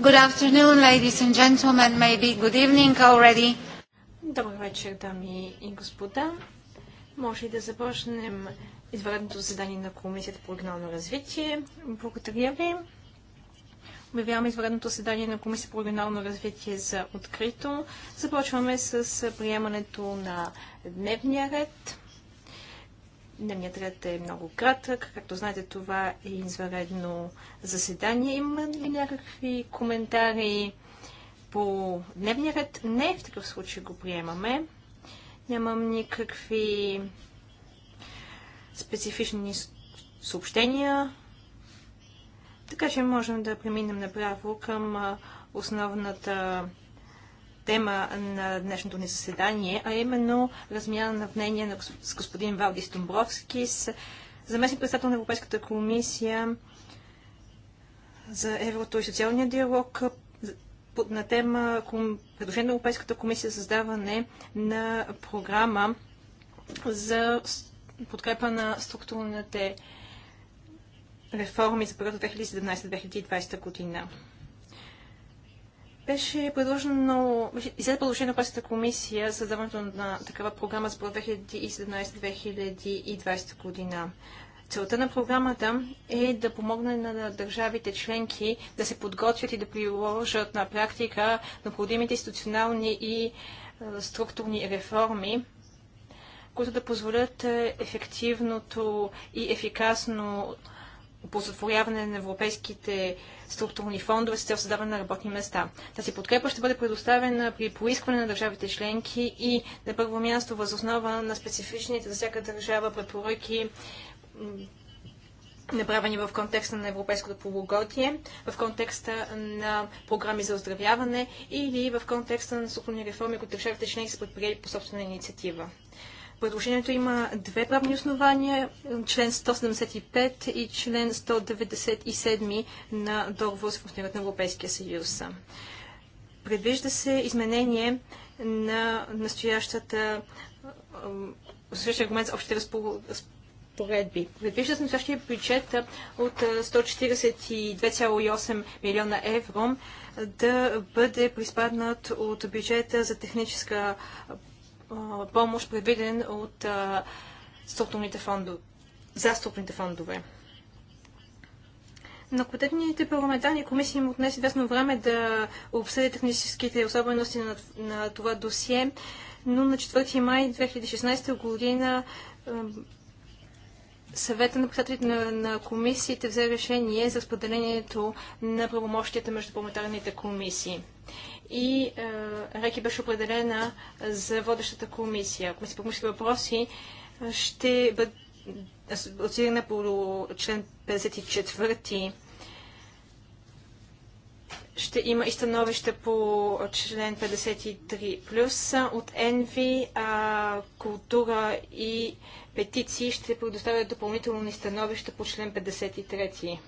Good afternoon, ladies and gentlemen, maybe good evening already. Добър вечер, дами и господа. Може и да започнем извънредното заседание на Комисията по регионално развитие. Благодаря ви. Обявяваме извънредното заседание на Комисията по регионално развитие за открито. Започваме с приемането на дневния ред. Дневният ред е много кратък. Както знаете, това е извънредно заседание. Има ли някакви коментари по дневния ред? Не, в такъв случай го приемаме. Нямам никакви специфични съобщения. Така че можем да преминем направо към основната тема на днешното ни заседание, а именно размяна на мнение с господин Валдис Стомбровски, с заместник председател на Европейската комисия за еврото и социалния диалог на тема предложение на Европейската комисия за създаване на програма за подкрепа на структурните реформи за период 2017-2020 година. Беше предложено, изслед предложение на Пасата комисия за даването на такава програма за 2017-2020 година. Целта на програмата е да помогне на държавите членки да се подготвят и да приложат на практика необходимите институционални и е, структурни реформи, които да позволят е, ефективното и ефикасно позатворяване на европейските структурни фондове с цел създаване на работни места. Тази подкрепа ще бъде предоставена при поискване на държавите членки и на първо място възоснова на специфичните за всяка държава препоръки направени в контекста на европейското полугодие, в контекста на програми за оздравяване или в контекста на структурни реформи, които държавите членки са предприели по собствена инициатива. Предложението има две правни основания, член 175 и член 197 на договор за функционирането на Европейския съюз. Предвижда се изменение на настоящата същия аргумент за общите разпоредби. Предвижда се настоящия бюджет от 142,8 милиона евро да бъде приспаднат от бюджета за техническа помощ, предвиден от структурните фондове, за структурните фондове. На компетентните парламентарни комисии им отнесе известно време да обсъдят техническите особености на, на това досие, но на 4 май 2016 година съвета на председателите на, на комисиите взе решение за споделението на правомощията между парламентарните комисии и е, Реки беше определена за водещата комисия. Комисия по мъжки въпроси ще бъде асоциирана по член 54 ще има и становище по член 53 плюс от Енви, а, е, култура и петиции ще предоставят допълнителни становища по член 53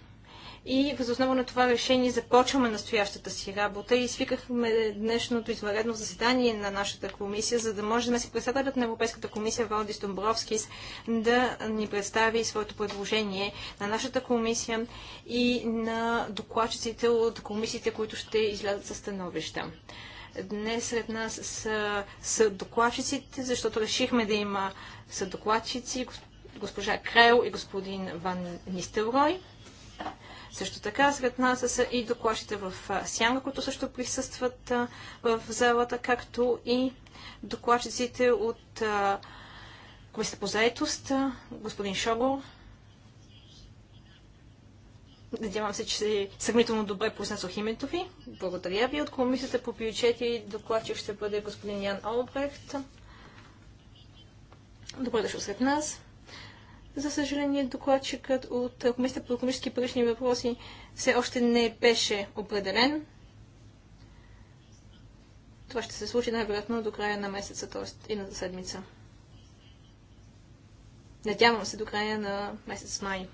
и възоснова на това решение започваме настоящата си работа и свикахме днешното извънредно заседание на нашата комисия, за да може си председателят на Европейската комисия Валдис Домбровскис да ни представи своето предложение на нашата комисия и на докладчиците от комисиите, които ще излязат със становища. Днес сред нас са, са докладчиците, защото решихме да има съдокладчици, госпожа Крел и господин Ван Нистелрой. Също така сред нас са и докладчите в Сянга, които също присъстват в залата, както и докладчиците от Комисията по заетост, господин Шогор. Надявам се, че сравнително добре произнесох името ви. Благодаря ви. От Комисията по бюджети докладчик ще бъде господин Ян Олбрехт. Добре дошъл сред нас. За съжаление, докладчикът от Комисията по економически и парични въпроси все още не беше определен. Това ще се случи най-вероятно до края на месеца, т.е. едната седмица. Надявам се до края на месец май.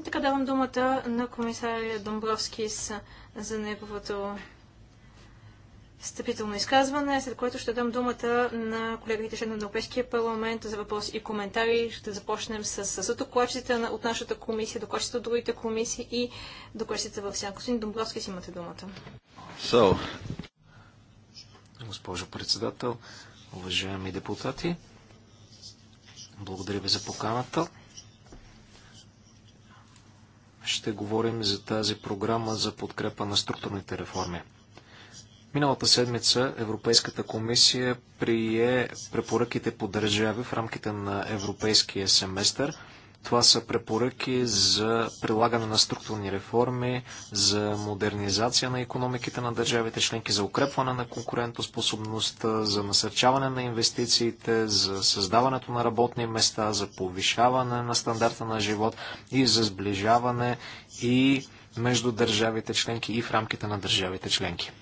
И така давам думата на комисаря Домбровски за неговото встъпително изказване, след което ще дам думата на колегите член на Европейския парламент за въпроси и коментари. Ще започнем с, с докладчите от нашата комисия, докладчите от другите комисии и докладчите във Сянко. Син Домбровски, си имате думата. So. Госпожо председател, уважаеми депутати, благодаря ви за поканата. Ще говорим за тази програма за подкрепа на структурните реформи. Миналата седмица Европейската комисия прие препоръките по държави в рамките на европейския семестър. Това са препоръки за прилагане на структурни реформи, за модернизация на економиките на държавите членки, за укрепване на конкурентоспособността, за насърчаване на инвестициите, за създаването на работни места, за повишаване на стандарта на живот и за сближаване и между държавите членки и в рамките на държавите членки.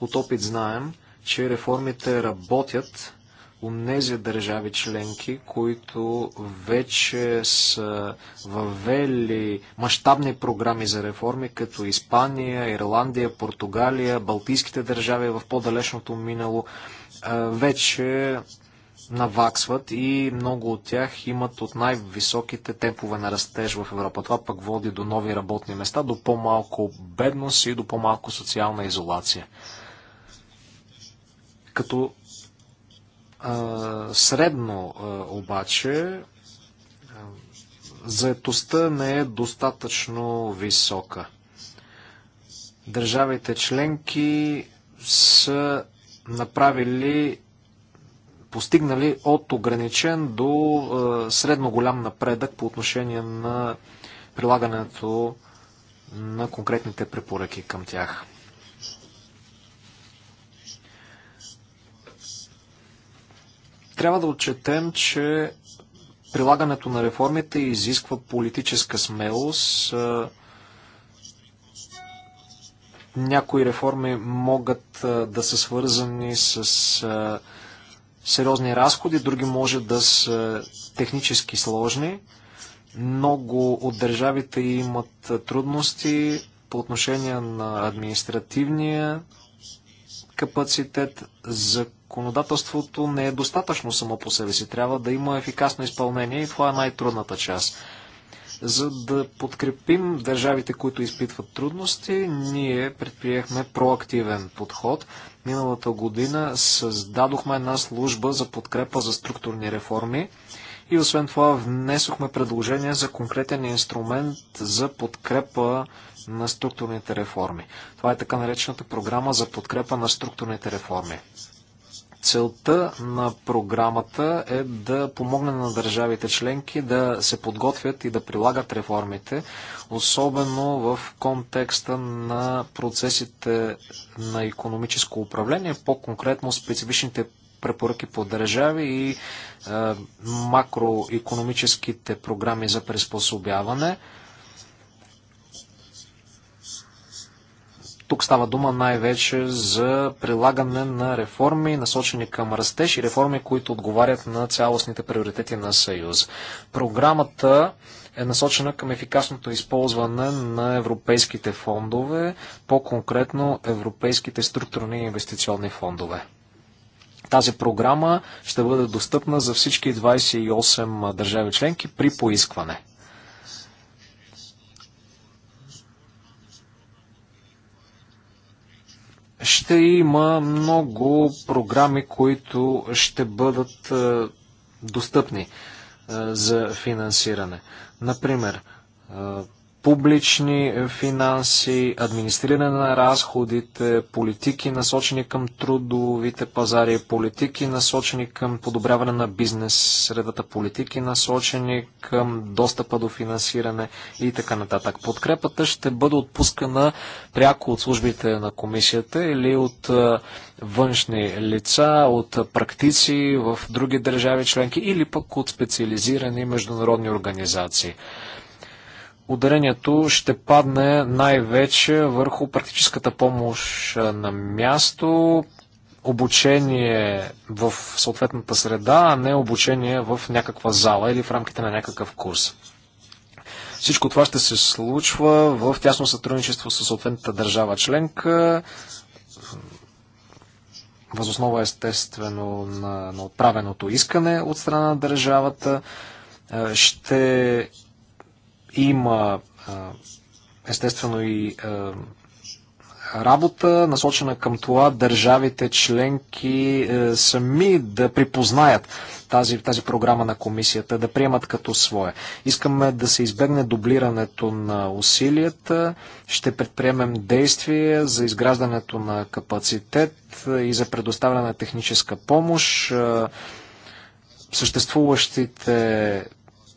От опит знаем, че реформите работят у нези държави членки, които вече са въвели мащабни програми за реформи, като Испания, Ирландия, Португалия, Балтийските държави в по-далечното минало, вече наваксват и много от тях имат от най-високите темпове на растеж в Европа. Това пък води до нови работни места, до по-малко бедност и до по-малко социална изолация. Като а, средно а, обаче заетостта не е достатъчно висока. Държавите членки са направили, постигнали от ограничен до а, средно голям напредък по отношение на прилагането на конкретните препоръки към тях. Трябва да отчетем, че прилагането на реформите изисква политическа смелост. Някои реформи могат да са свързани с сериозни разходи, други може да са технически сложни. Много от държавите имат трудности по отношение на административния капацитет, законодателството не е достатъчно само по себе си. Трябва да има ефикасно изпълнение и това е най-трудната част. За да подкрепим държавите, които изпитват трудности, ние предприехме проактивен подход. Миналата година създадохме една служба за подкрепа за структурни реформи и освен това внесохме предложение за конкретен инструмент за подкрепа на структурните реформи. Това е така наречената програма за подкрепа на структурните реформи. Целта на програмата е да помогне на държавите членки да се подготвят и да прилагат реформите, особено в контекста на процесите на економическо управление, по-конкретно специфичните препоръки по държави и е, макроекономическите програми за приспособяване. Тук става дума най-вече за прилагане на реформи, насочени към растеж и реформи, които отговарят на цялостните приоритети на Съюз. Програмата е насочена към ефикасното използване на европейските фондове, по-конкретно европейските структурни инвестиционни фондове. Тази програма ще бъде достъпна за всички 28 държави членки при поискване. ще има много програми, които ще бъдат е, достъпни е, за финансиране. Например, е, публични е, финанси, администриране на разходите, политики насочени към трудовите пазари, политики насочени към подобряване на бизнес средата, политики насочени към достъпа до финансиране и така нататък. Подкрепата ще бъде отпускана пряко от службите на комисията или от е, външни лица, от практици в други държави членки или пък от специализирани международни организации ударението ще падне най-вече върху практическата помощ на място, обучение в съответната среда, а не обучение в някаква зала или в рамките на някакъв курс. Всичко това ще се случва в тясно сътрудничество с съответната държава членка, възоснова естествено на, на отправеното искане от страна на държавата. Ще има естествено и работа, насочена към това държавите членки е, сами да припознаят тази, тази програма на комисията, да приемат като своя. Искаме да се избегне дублирането на усилията, ще предприемем действия за изграждането на капацитет и за предоставяне на техническа помощ. Е, съществуващите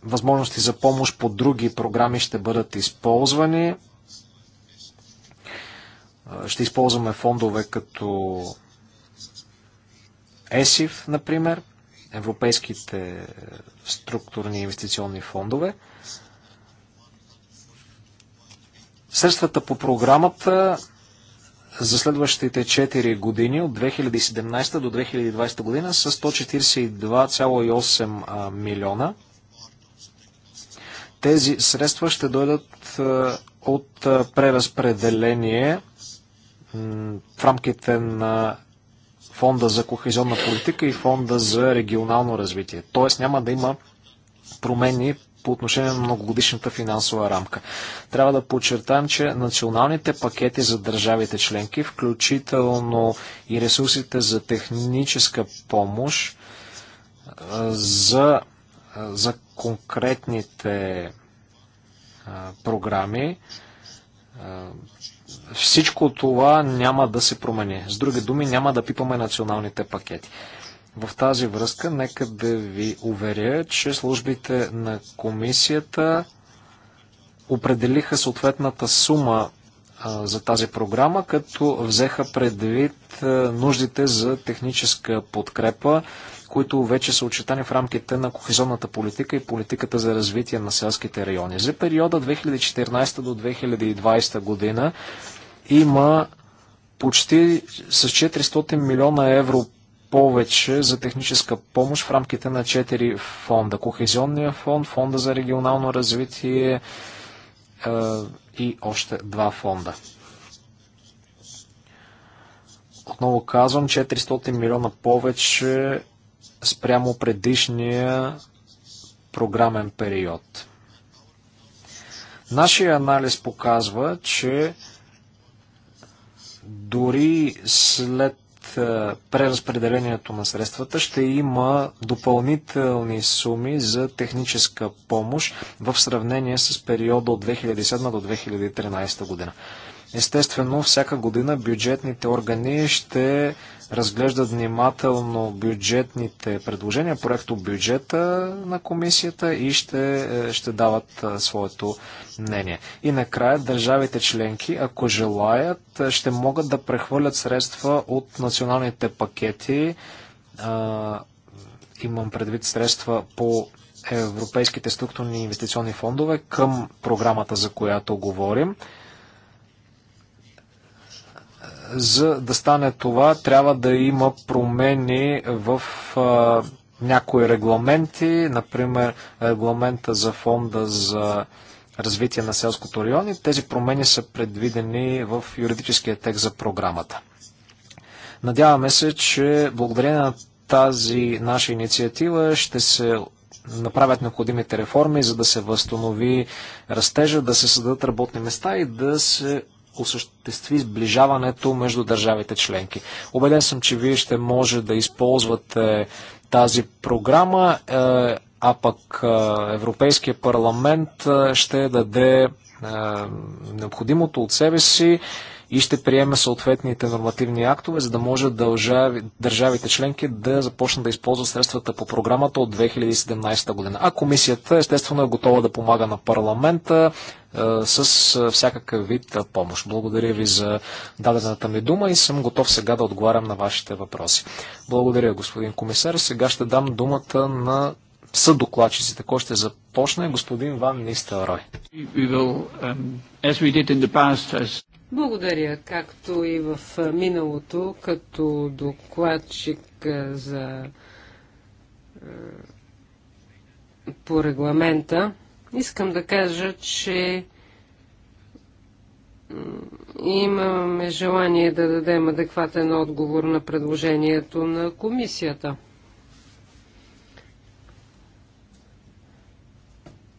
възможности за помощ по други програми ще бъдат използвани. Ще използваме фондове като ЕСИФ, например, европейските структурни инвестиционни фондове. Средствата по програмата за следващите 4 години от 2017 до 2020 година са 142,8 милиона. Тези средства ще дойдат е, от е, преразпределение в рамките на фонда за кохезионна политика и фонда за регионално развитие. Тоест няма да има промени по отношение на многогодишната финансова рамка. Трябва да подчертаем, че националните пакети за държавите членки, включително и ресурсите за техническа помощ, е, за, за конкретните а, програми, а, всичко това няма да се промени. С други думи, няма да пипаме националните пакети. В тази връзка, нека да ви уверя, че службите на комисията определиха съответната сума а, за тази програма, като взеха предвид нуждите за техническа подкрепа които вече са очетани в рамките на кохезионната политика и политиката за развитие на селските райони. За периода 2014 до 2020 година има почти с 400 милиона евро повече за техническа помощ в рамките на 4 фонда. Кохезионния фонд, фонда за регионално развитие е, и още два фонда. Отново казвам, 400 милиона повече спрямо предишния програмен период. Нашия анализ показва, че дори след е, преразпределението на средствата ще има допълнителни суми за техническа помощ в сравнение с периода от 2007 до 2013 година. Естествено, всяка година бюджетните органи ще разглеждат внимателно бюджетните предложения, проекто бюджета на комисията и ще, е, ще дават е, своето мнение. И накрая държавите членки, ако желаят, е, ще могат да прехвърлят средства от националните пакети, а, имам предвид средства по европейските структурни инвестиционни фондове към програмата, за която говорим. За да стане това, трябва да има промени в а, някои регламенти, например регламента за фонда за развитие на селското райони. Тези промени са предвидени в юридическия текст за програмата. Надяваме се, че благодарение на тази наша инициатива ще се направят необходимите реформи, за да се възстанови растежа, да се създадат работни места и да се осъществи сближаването между държавите членки. Обеден съм, че вие ще може да използвате тази програма, е, а пък е, Европейския парламент е, ще даде необходимото от себе си и ще приеме съответните нормативни актове, за да може дължави, държавите членки да започнат да използват средствата по програмата от 2017 година. А комисията естествено е готова да помага на парламента е, с е, всякакъв вид е, помощ. Благодаря ви за дадената ми дума и съм готов сега да отговарям на вашите въпроси. Благодаря, господин комисар. Сега ще дам думата на съдокладчиците. Кой ще започне? Господин Ван Нистелрой. Um, as... Благодаря, както и в миналото, като докладчик за по регламента. Искам да кажа, че имаме желание да дадем адекватен отговор на предложението на комисията.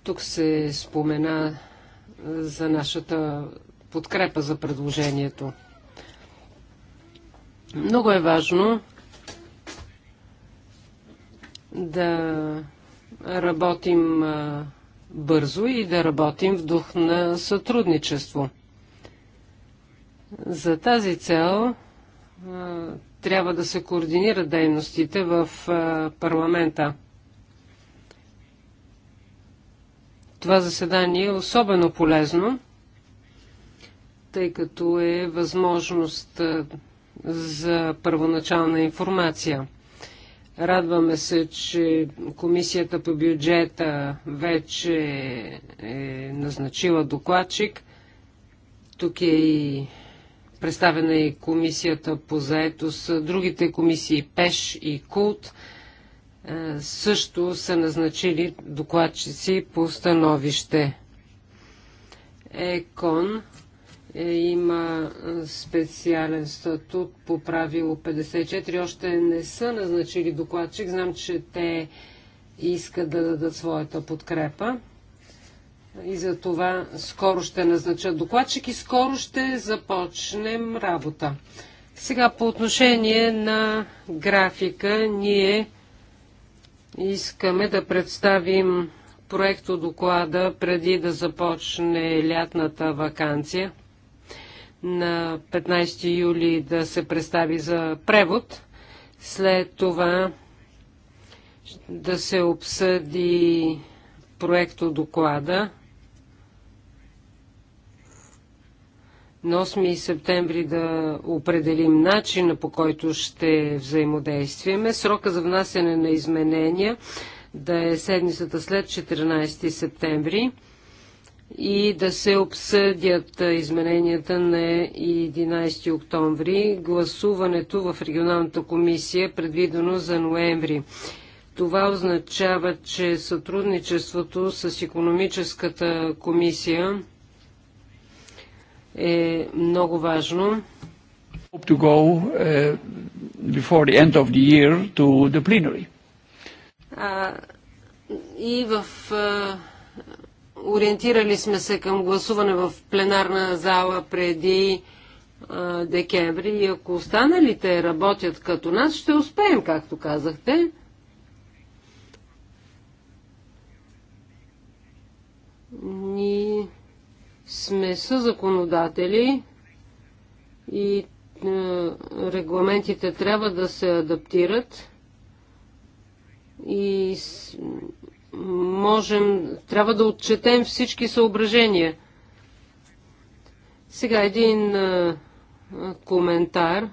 Тук се спомена за нашата подкрепа за предложението. Много е важно да работим бързо и да работим в дух на сътрудничество. За тази цел трябва да се координират дейностите в парламента. Това заседание е особено полезно – тъй като е възможност за първоначална информация. Радваме се, че Комисията по бюджета вече е назначила докладчик. Тук е и представена и Комисията по заетост. Другите комисии ПЕШ и КУЛТ също са назначили докладчици по становище. ЕКОН е, има е, специален статут по правило 54. Още не са назначили докладчик. Знам, че те искат да дадат своята подкрепа. И за това скоро ще назначат докладчик и скоро ще започнем работа. Сега по отношение на графика, ние искаме да представим проекто доклада преди да започне лятната вакансия на 15 юли да се представи за превод. След това да се обсъди проекто доклада на 8 септември да определим начина по който ще взаимодействаме. Срока за внасяне на изменения да е седмицата след 14 септември и да се обсъдят измененията на 11 октомври. Гласуването в регионалната комисия е предвидено за ноември. Това означава, че сътрудничеството с економическата комисия е много важно. Go, uh, и в uh Ориентирали сме се към гласуване в пленарна зала преди а, декември и ако останалите работят като нас, ще успеем, както казахте. Ние сме законодатели, и е, регламентите трябва да се адаптират и можем, трябва да отчетем всички съображения. Сега един а, коментар.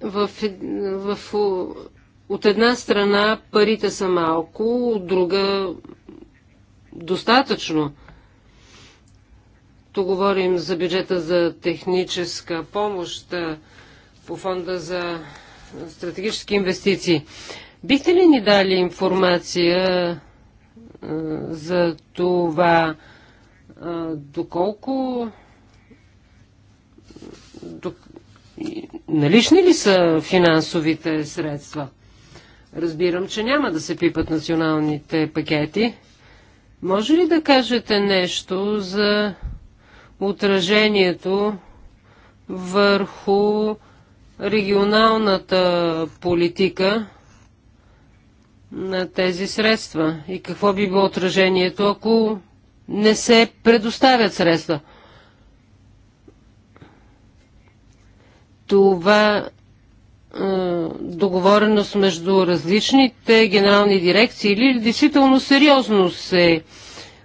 В, в, от една страна парите са малко, от друга достатъчно. То говорим за бюджета за техническа помощ по фонда за стратегически инвестиции. Бихте ли ни дали информация за това, доколко до, налични ли са финансовите средства? Разбирам, че няма да се пипат националните пакети. Може ли да кажете нещо за отражението върху регионалната политика на тези средства и какво би било отражението, ако не се предоставят средства. Това е, договореност между различните генерални дирекции или действително сериозно се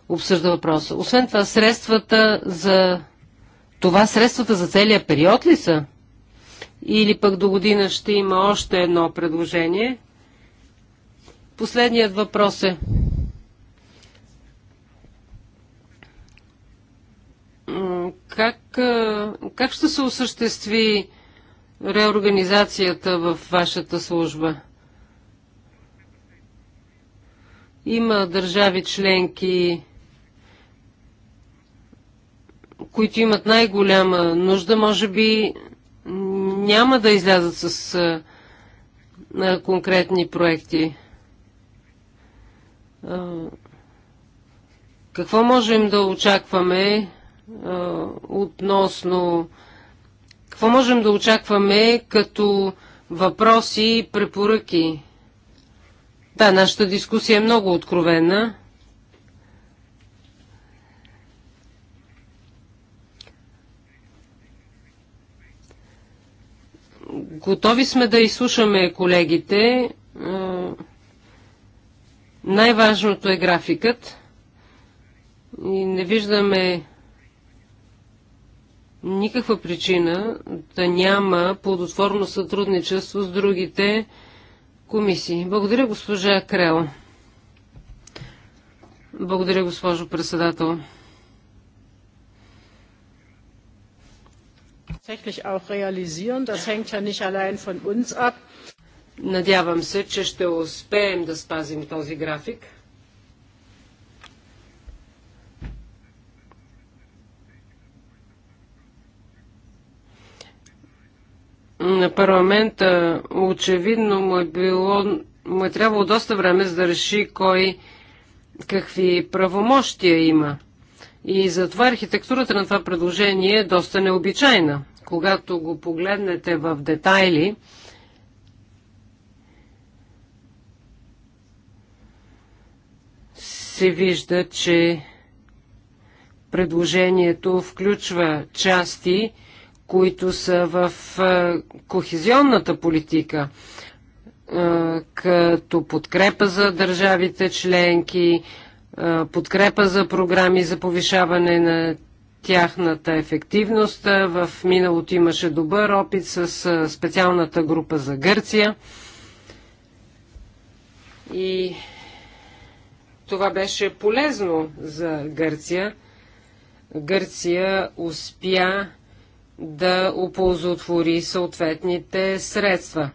обсъжда въпроса. Освен това, средствата за това средствата за целия период ли са? Или пък до година ще има още едно предложение? Последният въпрос е. Как, как ще се осъществи реорганизацията в вашата служба? Има държави членки, които имат най-голяма нужда, може би няма да излязат с конкретни проекти. Какво можем да очакваме относно какво можем да очакваме като въпроси и препоръки? Да, нашата дискусия е много откровена. Готови сме да изслушаме колегите най-важното е графикът. И не виждаме никаква причина да няма плодотворно сътрудничество с другите комисии. Благодаря, госпожа Крел. Благодаря, госпожо председател. tatsächlich auch realisieren. Das hängt ja nicht allein von uns ab, Надявам се, че ще успеем да спазим този график. На парламента очевидно му е, било, му е трябвало доста време за да реши кой какви правомощия има. И затова архитектурата на това предложение е доста необичайна. Когато го погледнете в детайли, се вижда, че предложението включва части, които са в кохезионната политика, като подкрепа за държавите членки, подкрепа за програми за повишаване на тяхната ефективност. В миналото имаше добър опит с специалната група за Гърция. И това беше полезно за Гърция. Гърция успя да оползотвори съответните средства.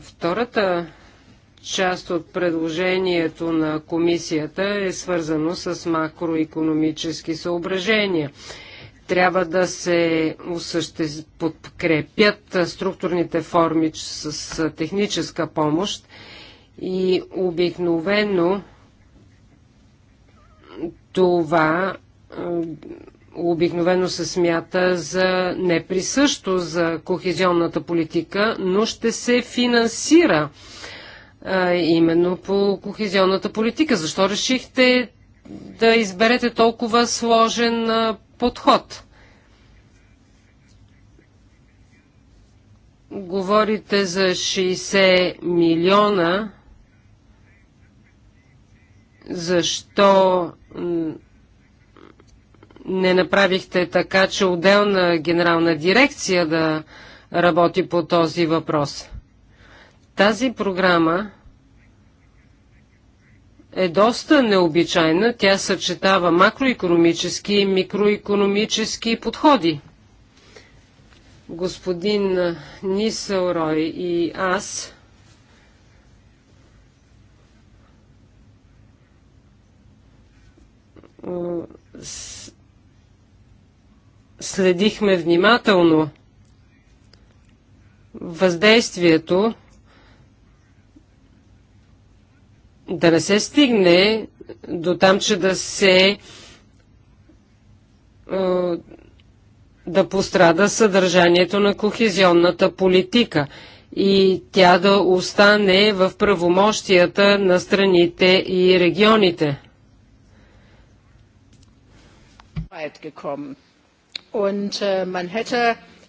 Втората част от предложението на комисията е свързано с макроекономически съображения. Трябва да се подкрепят структурните форми с техническа помощ и обикновено това обикновено се смята за неприсъщо за кохезионната политика, но ще се финансира а, именно по кохезионната политика. Защо решихте да изберете толкова сложен а, подход? Говорите за 60 милиона защо не направихте така, че отделна генерална дирекция да работи по този въпрос? Тази програма е доста необичайна. Тя съчетава макроекономически и микроекономически подходи. Господин Рой и аз следихме внимателно въздействието да не се стигне до там, че да се да пострада съдържанието на кохезионната политика и тя да остане в правомощията на страните и регионите. Äh,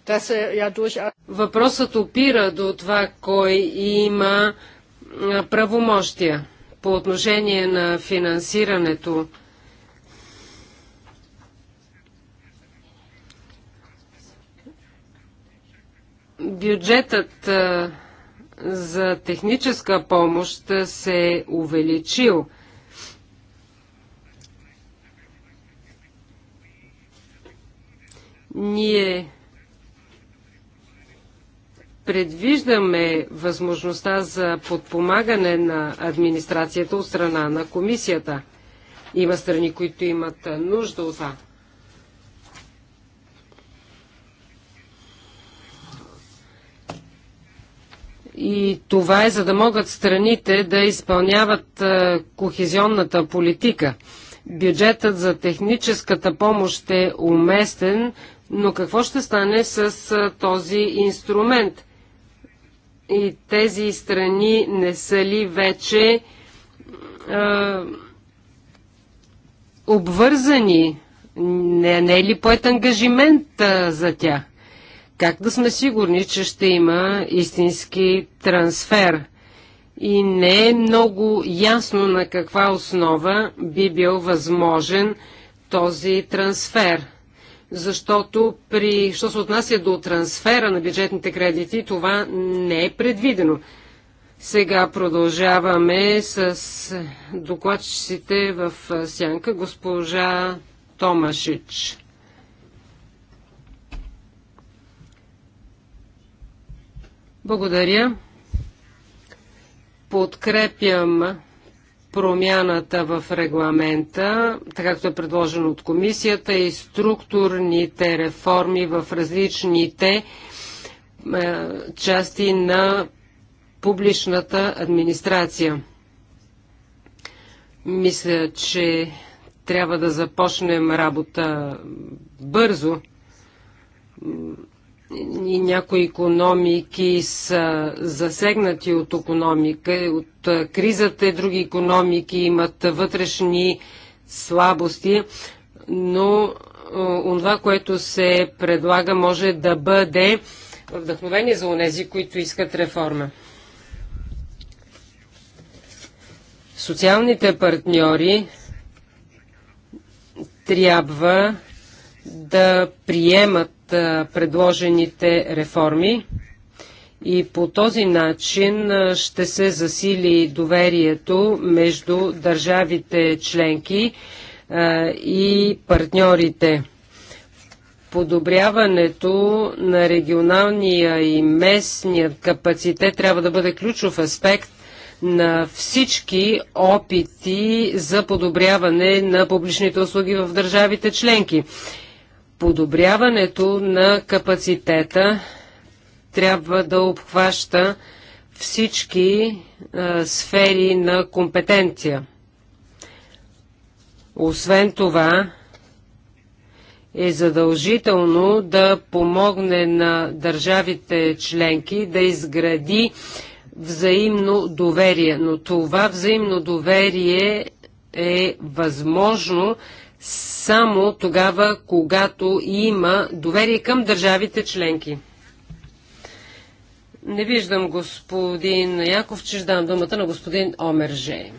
äh, Въпросът опира до това кой има правомощия по отношение на финансирането. Бюджетът за техническа помощ се увеличил Ние предвиждаме възможността за подпомагане на администрацията от страна на комисията. Има страни, които имат нужда от това. И това е за да могат страните да изпълняват е, кохезионната политика. Бюджетът за техническата помощ е уместен, но какво ще стане с този инструмент? И тези страни не са ли вече а, обвързани? Не, не е ли поет ангажимент а, за тях? Как да сме сигурни, че ще има истински трансфер? И не е много ясно на каква основа би бил възможен този трансфер – защото при, що се отнася до трансфера на бюджетните кредити, това не е предвидено. Сега продължаваме с докладчиците в сянка госпожа Томашич. Благодаря. Подкрепям промяната в регламента, така както е предложено от комисията и структурните реформи в различните е, части на публичната администрация. Мисля, че трябва да започнем работа бързо и някои економики са засегнати от економика, от кризата, други економики имат вътрешни слабости, но това, което се предлага, може да бъде вдъхновение за онези, които искат реформа. Социалните партньори трябва да приемат предложените реформи и по този начин ще се засили доверието между държавите членки и партньорите. Подобряването на регионалния и местният капацитет трябва да бъде ключов аспект на всички опити за подобряване на публичните услуги в държавите членки подобряването на капацитета трябва да обхваща всички а, сфери на компетенция. Освен това, е задължително да помогне на държавите членки да изгради взаимно доверие. Но това взаимно доверие е възможно само тогава, когато има доверие към държавите членки. Не виждам господин Яков, че дам думата на господин Омерже.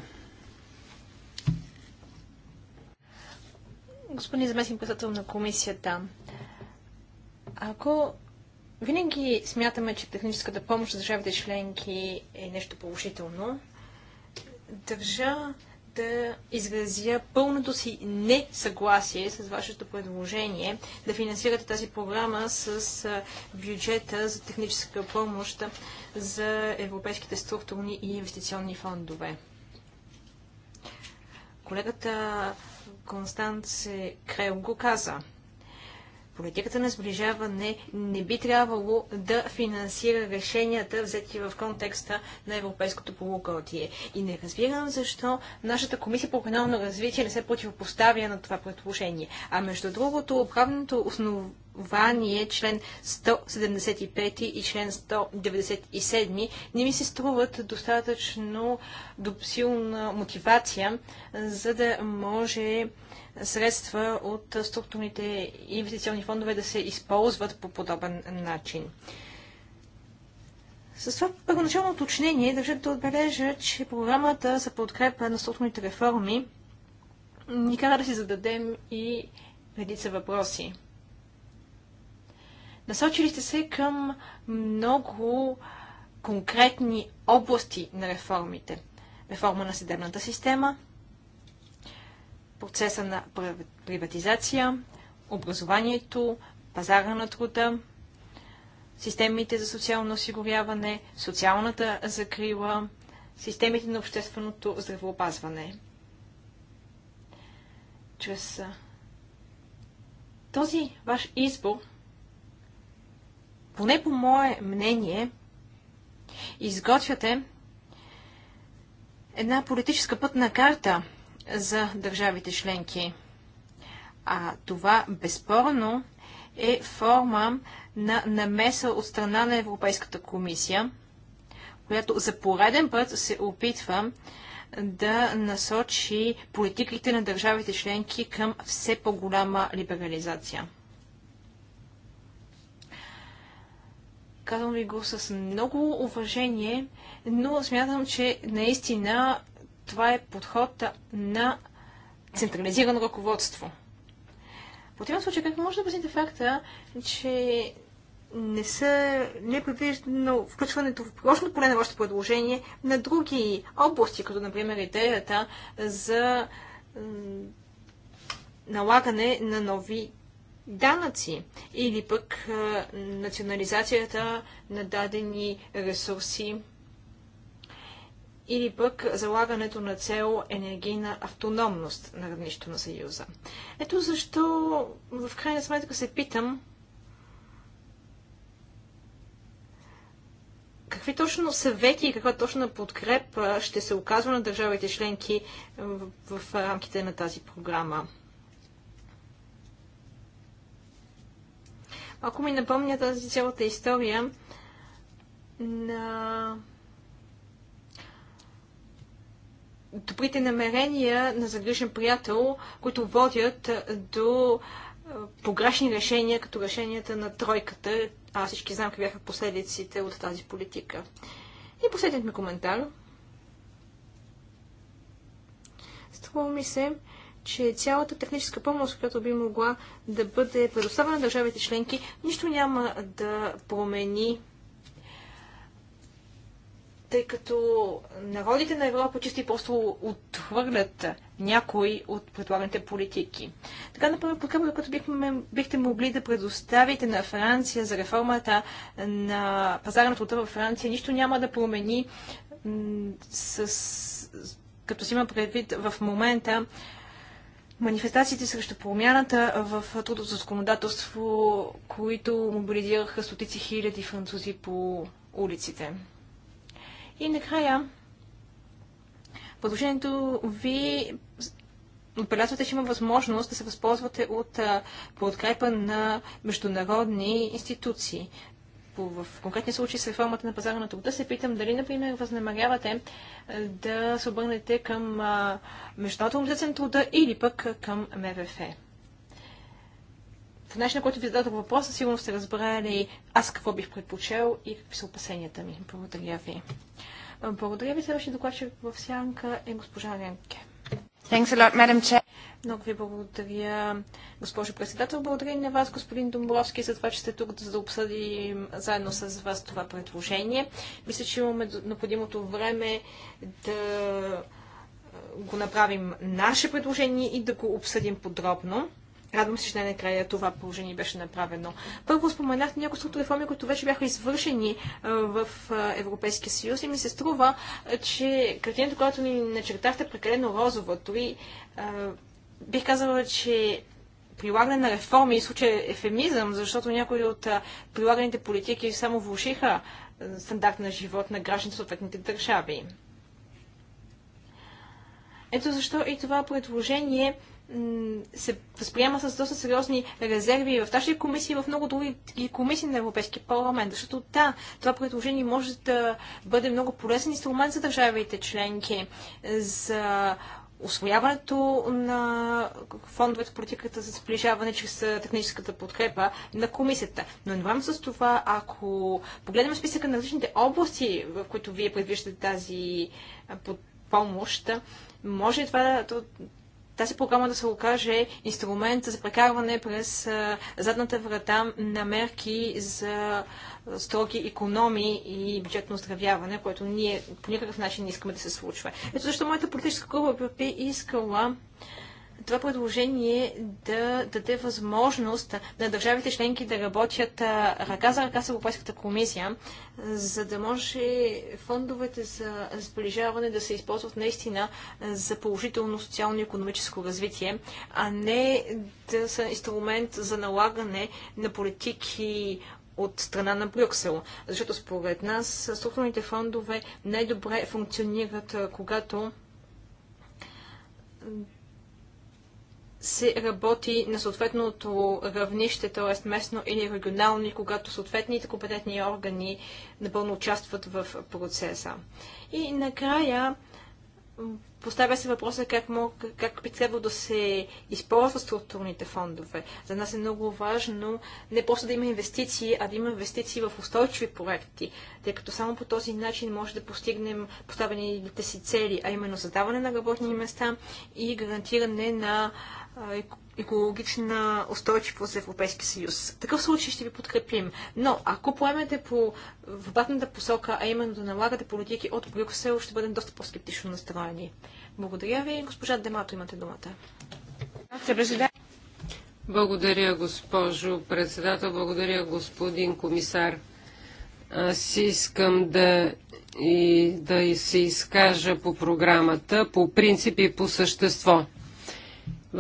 Господин заместник председател на комисията, ако винаги смятаме, че техническата помощ за държавите членки е нещо положително, държа да изразя пълното си несъгласие с вашето предложение да финансирате тази програма с бюджета за техническа помощ за европейските структурни и инвестиционни фондове. Колегата Констанце Крел го каза – Политиката на сближаване не би трябвало да финансира решенията, взети в контекста на европейското полукълтие. И не разбирам защо нашата комисия по регионално развитие не се противопоставя на това предложение. А между другото, правното основание, член 175 и член 197, не ми се струват достатъчно силна мотивация, за да може средства от структурните инвестиционни фондове да се използват по подобен начин. С това първоначално уточнение държа да отбележа, че програмата за подкрепа на структурните реформи ни кара да си зададем и редица въпроси. Насочили сте се към много конкретни области на реформите. Реформа на съдебната система, процеса на приватизация, образованието, пазара на труда, системите за социално осигуряване, социалната закрила, системите на общественото здравеопазване. Чрез този ваш избор, поне по мое мнение, изготвяте една политическа пътна карта – за държавите членки. А това безспорно е форма на намеса от страна на Европейската комисия, която за пореден път се опитва да насочи политиките на държавите членки към все по-голяма либерализация. Казвам ви го с много уважение, но смятам, че наистина това е подход на централизирано ръководство. В противен случай, как може да обясните факта, че не са не е предвиждано включването в прочно поле на вашето предложение на други области, като например идеята за налагане на нови данъци или пък национализацията на дадени ресурси или пък залагането на цел енергийна автономност на равнището на Съюза. Ето защо в крайна сметка се питам какви точно съвети и каква точна подкрепа ще се оказва на държавите членки в, в рамките на тази програма. Ако ми напомня тази цялата история на добрите намерения на загрижен приятел, които водят до погрешни решения, като решенията на тройката. А всички знам какви бяха последиците от тази политика. И последният ми коментар. Струва ми се, че цялата техническа помощ, която би могла да бъде предоставена на държавите членки, нищо няма да промени тъй като народите на Европа чисто и просто отхвърлят някои от предлаганите политики. Така, например, подкрепа, като бихме, бихте могли да предоставите на Франция за реформата на пазара на труда във Франция, нищо няма да промени с, като си има предвид в момента манифестациите срещу промяната в трудовото законодателство, които мобилизираха стотици хиляди французи по улиците. И накрая, предложението ви отбелязвате, че има възможност да се възползвате от подкрепа на международни институции. В конкретния случай с реформата на пазара на труда се питам дали, например, възнамерявате да се обърнете към Международната организация на труда или пък към МВФ в днешния, който ви зададох въпроса, сигурно сте разбрали аз какво бих предпочел и какви са опасенията ми. Благодаря ви. Благодаря ви. Следващия докладчик в сянка е госпожа Ленке. Lot, Много ви благодаря, госпожо председател. Благодаря и на вас, господин Домбровски, за това, че сте тук, за да обсъдим заедно с вас това предложение. Мисля, че имаме необходимото време да го направим наше предложение и да го обсъдим подробно. Радвам се, че най-накрая това положение беше направено. Първо споменахте някои структури реформи, които вече бяха извършени в Европейския съюз и ми се струва, че картината, която ни начертахте, е прекалено розова. Дори бих казала, че прилагане на реформи и случай ефемизъм, защото някои от прилаганите политики само влушиха стандарт на живот на гражданите в съответните държави. Ето защо и това предложение се възприема с доста сериозни резерви в нашите комисии и в много други комисии на Европейския парламент. Защото да, това предложение може да бъде много полезен инструмент за държавите членки, за освояването на фондовете политиката за сближаване чрез техническата подкрепа на комисията. Но едновременно с това, ако погледнем списъка на различните области, в които вие предвиждате тази помощ, може това, тази програма да се окаже инструмент за прекарване през задната врата на мерки за строги економии и бюджетно оздравяване, което ние по никакъв начин не искаме да се случва. Ето защо моята политическа група би искала това предложение да даде възможност на държавите членки да работят ръка за ръка с Европейската комисия, за да може фондовете за сближаване да се използват наистина за положително социално и економическо развитие, а не да са инструмент за налагане на политики от страна на Брюксел. Защото според нас структурните фондове най-добре функционират, когато се работи на съответното равнище, т.е. местно или регионално, и когато съответните компетентни органи напълно участват в процеса. И накрая Поставя се въпроса как, мог, как би трябвало да се използват структурните фондове. За нас е много важно не просто да има инвестиции, а да има инвестиции в устойчиви проекти, тъй като само по този начин може да постигнем поставените си цели, а именно задаване на работни места и гарантиране на екологична устойчивост за Европейския съюз. В такъв случай ще ви подкрепим. Но ако поемете по в обратната посока, а именно да налагате политики от Брюксел, ще бъдем доста по-скептично настроени. Благодаря ви. Госпожа Демато, имате думата. Благодаря, госпожо председател. Благодаря, господин комисар. Аз искам да, и, да се изкажа по програмата, по принцип и по същество.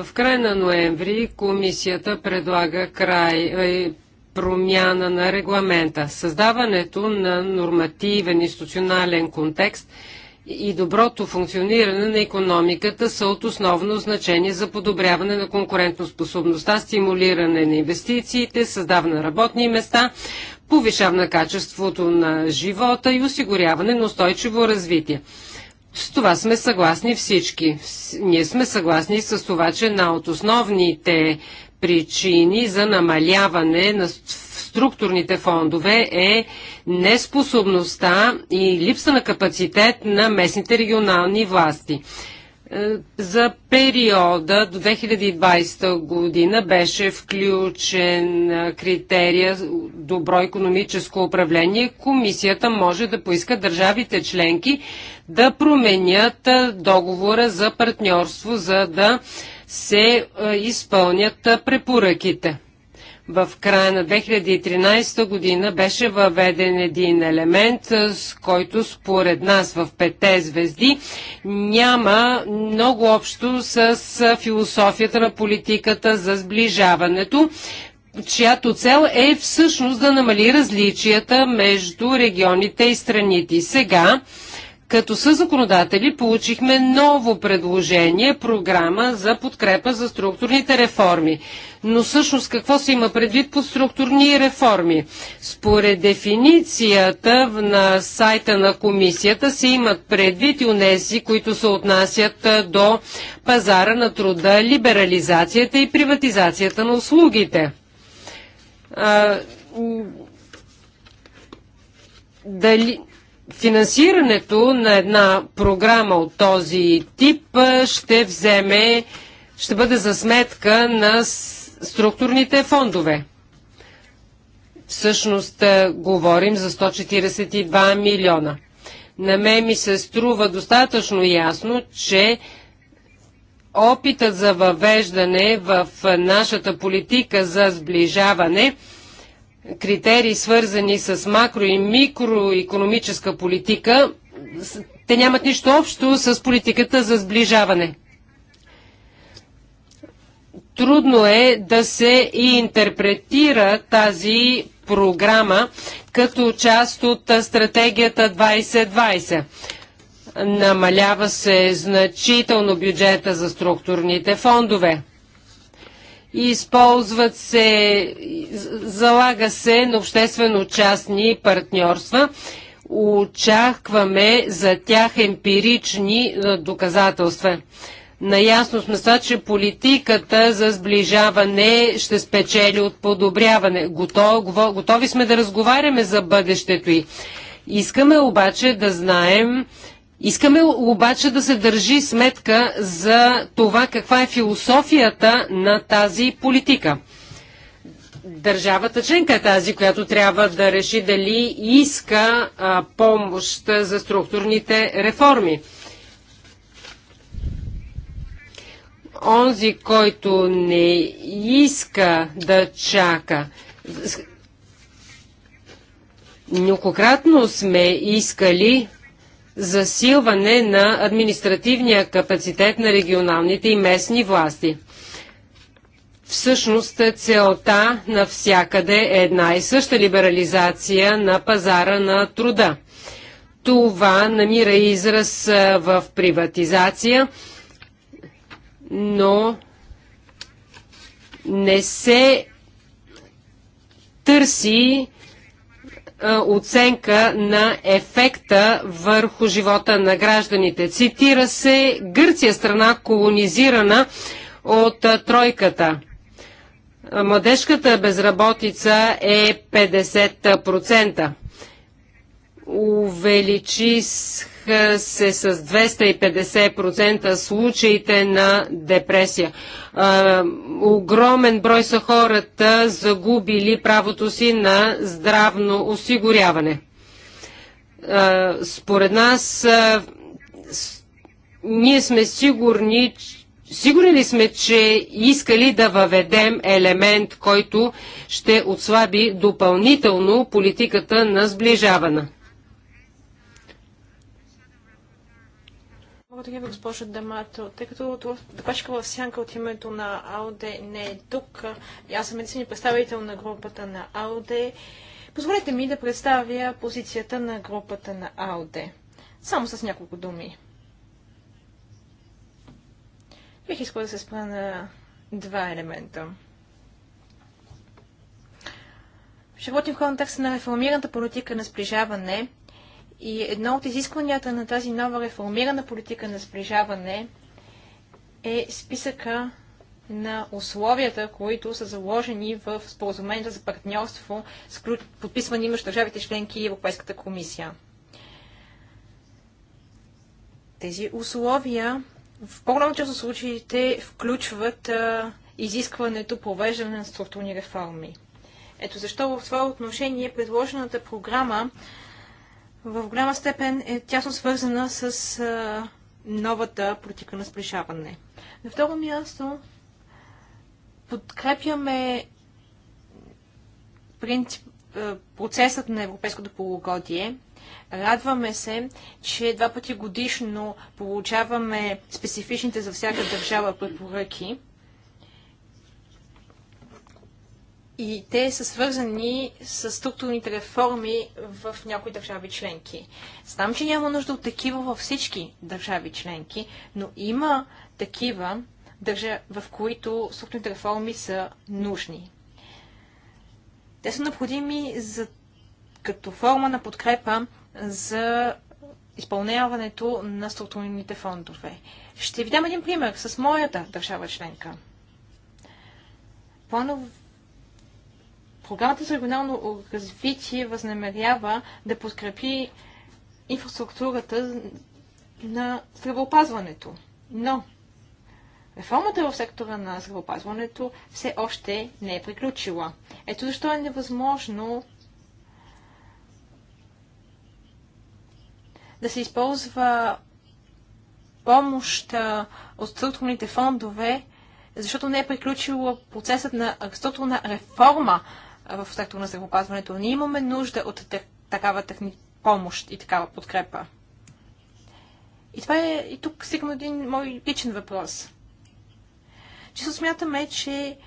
В края на ноември комисията предлага край, е, промяна на регламента. Създаването на нормативен институционален контекст и доброто функциониране на економиката са от основно значение за подобряване на конкурентоспособността, стимулиране на инвестициите, създаване на работни места, повишаване на качеството на живота и осигуряване на устойчиво развитие. С това сме съгласни всички. Ние сме съгласни с това, че една от основните причини за намаляване на структурните фондове е неспособността и липса на капацитет на местните регионални власти. Е, за периода до 2020 година беше включен е, критерия добро економическо управление. Комисията може да поиска държавите членки да променят е, договора за партньорство, за да се изпълнят препоръките в края на 2013 година беше въведен един елемент, с който според нас в пете звезди няма много общо с философията на политиката за сближаването чиято цел е всъщност да намали различията между регионите и страните. Сега като съзаконодатели получихме ново предложение, програма за подкрепа за структурните реформи. Но всъщност какво се има предвид по структурни реформи? Според дефиницията на сайта на комисията се имат предвид и унеси, които се отнасят до пазара на труда, либерализацията и приватизацията на услугите дали, финансирането на една програма от този тип ще вземе, ще бъде за сметка на структурните фондове. Всъщност говорим за 142 милиона. На мен ми се струва достатъчно ясно, че опитът за въвеждане в нашата политика за сближаване – критерии, свързани с макро и микроекономическа политика, те нямат нищо общо с политиката за сближаване. Трудно е да се интерпретира тази програма като част от стратегията 2020. Намалява се значително бюджета за структурните фондове използват се, залага се на обществено-частни партньорства. Очакваме за тях емпирични доказателства. Наясно сме са, че политиката за сближаване ще спечели от подобряване. Готов, готови сме да разговаряме за бъдещето й. Искаме обаче да знаем Искаме обаче да се държи сметка за това каква е философията на тази политика. Държавата членка е тази, която трябва да реши дали иска а, помощ за структурните реформи. Онзи, който не иска да чака, Неколкократно сме искали засилване на административния капацитет на регионалните и местни власти. Всъщност целта навсякъде е една и съща либерализация на пазара на труда. Това намира израз в приватизация, но не се търси е, оценка на ефекта върху живота на гражданите. Цитира се Гърция страна колонизирана от е, тройката. Младежката безработица е 50% увеличиха се с 250% случаите на депресия. А, огромен брой са хората загубили правото си на здравно осигуряване. А, според нас, а, с, ние сме сигурни, Сигурни ли сме, че искали да въведем елемент, който ще отслаби допълнително политиката на сближаване? Благодаря ви, госпожо Дамато. Тъй като докачка в сянка от името на Ауде не е тук, аз съм единствени представител на групата на Ауде. позволете ми да представя позицията на групата на АОДЕ. Само с няколко думи. Бих искала да се спра на два елемента. Ще работим в контекста на реформираната политика на сближаване, и едно от изискванията на тази нова реформирана политика на сближаване е списъка на условията, които са заложени в споразумението за партньорство, подписвани между държавите членки и Европейската комисия. Тези условия в по-голяма част от случаите включват а, изискването провеждане на структурни реформи. Ето защо в това отношение предложената програма в голяма степен е тясно свързана с а, новата политика на сближаване. На второ място подкрепяме принцип, процесът на европейското полугодие. Радваме се, че два пъти годишно получаваме специфичните за всяка държава препоръки. и те са свързани с структурните реформи в някои държави членки. Знам, че няма нужда от такива във всички държави членки, но има такива, държа, в които структурните реформи са нужни. Те са необходими за, като форма на подкрепа за изпълняването на структурните фондове. Ще ви дам един пример с моята държава членка. Програмата за регионално развитие възнамерява да подкрепи инфраструктурата на здравеопазването. Но реформата в сектора на здравеопазването все още не е приключила. Ето защо е невъзможно да се използва помощ от структурните фондове, защото не е приключила процесът на структурна реформа в сектора на здравеопазването. Ние имаме нужда от такава техни... помощ и такава подкрепа. И това е, и тук стигна един мой личен въпрос. Често смятаме, че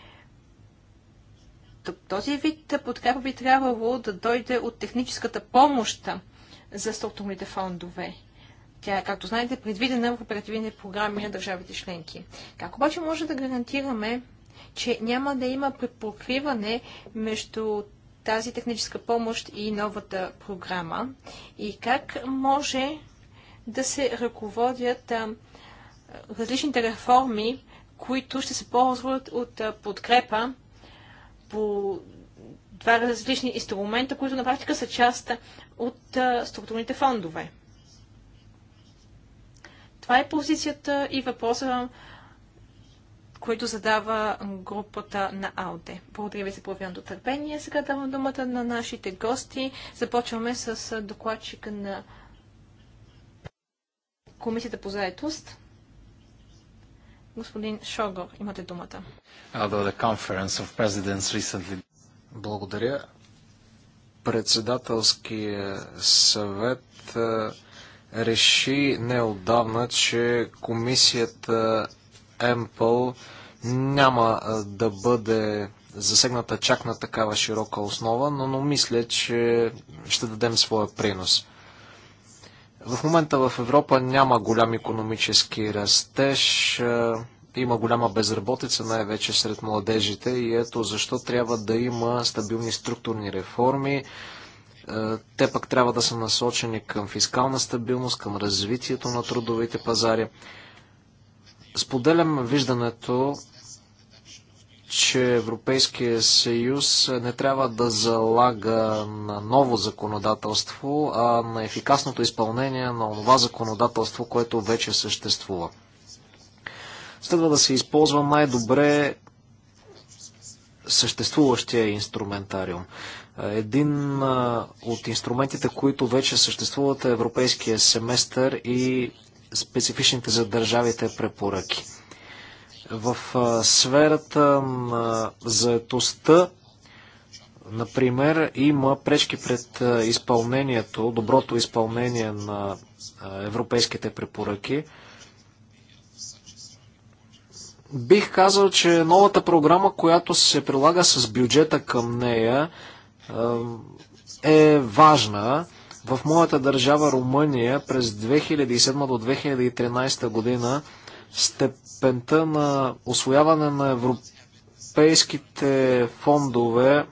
този вид подкрепа би трябвало да дойде от техническата помощ за структурните фондове. Тя, е, както знаете, предвидена в оперативните програми на държавите членки. Как обаче може да гарантираме че няма да има препокриване между тази техническа помощ и новата програма и как може да се ръководят а, различните реформи, които ще се ползват от а, подкрепа по два различни инструмента, които на практика са част от а, структурните фондове. Това е позицията и въпроса, които задава групата на Ауде. Благодаря ви за половиното търпение. Сега давам думата на нашите гости. Започваме с докладчика на Комисията по заетост. Господин Шогор, имате думата. Recently... Благодаря. Председателския съвет реши неодавна, че комисията Apple няма да бъде засегната чак на такава широка основа, но, но мисля, че ще дадем своя принос. В момента в Европа няма голям економически растеж, има голяма безработица, най-вече сред младежите и ето защо трябва да има стабилни структурни реформи. Те пък трябва да са насочени към фискална стабилност, към развитието на трудовите пазари. Споделям виждането, че Европейския съюз не трябва да залага на ново законодателство, а на ефикасното изпълнение на това законодателство, което вече съществува. Следва да се използва най-добре съществуващия инструментариум. Един от инструментите, които вече съществуват е Европейския семестър и специфичните за държавите препоръки. В сферата на заетостта, например, има пречки пред изпълнението, доброто изпълнение на европейските препоръки. Бих казал, че новата програма, която се прилага с бюджета към нея, е важна. В моята държава Румъния през 2007 до 2013 година степента на освояване на европейските фондове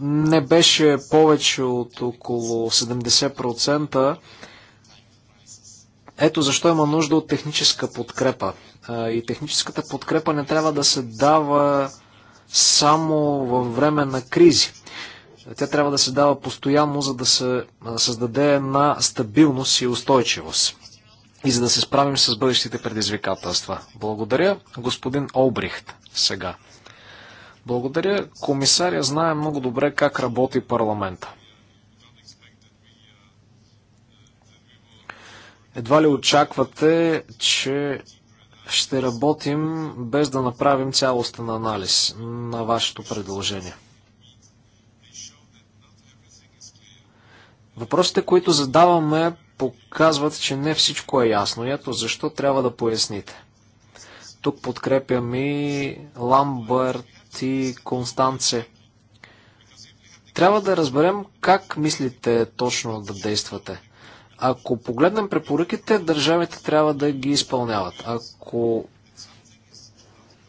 не беше повече от около 70%. Ето защо има нужда от техническа подкрепа. И техническата подкрепа не трябва да се дава само във време на кризи. Тя трябва да се дава постоянно, за да се създаде една стабилност и устойчивост и за да се справим с бъдещите предизвикателства. Благодаря, господин Олбрихт, сега. Благодаря, комисаря знае много добре как работи парламента. Едва ли очаквате, че ще работим без да направим цялостен анализ на вашето предложение. Въпросите, които задаваме, показват, че не всичко е ясно. ето защо трябва да поясните. Тук подкрепям и Ламбърт и Констанце. Трябва да разберем как мислите точно да действате. Ако погледнем препоръките, държавите трябва да ги изпълняват. Ако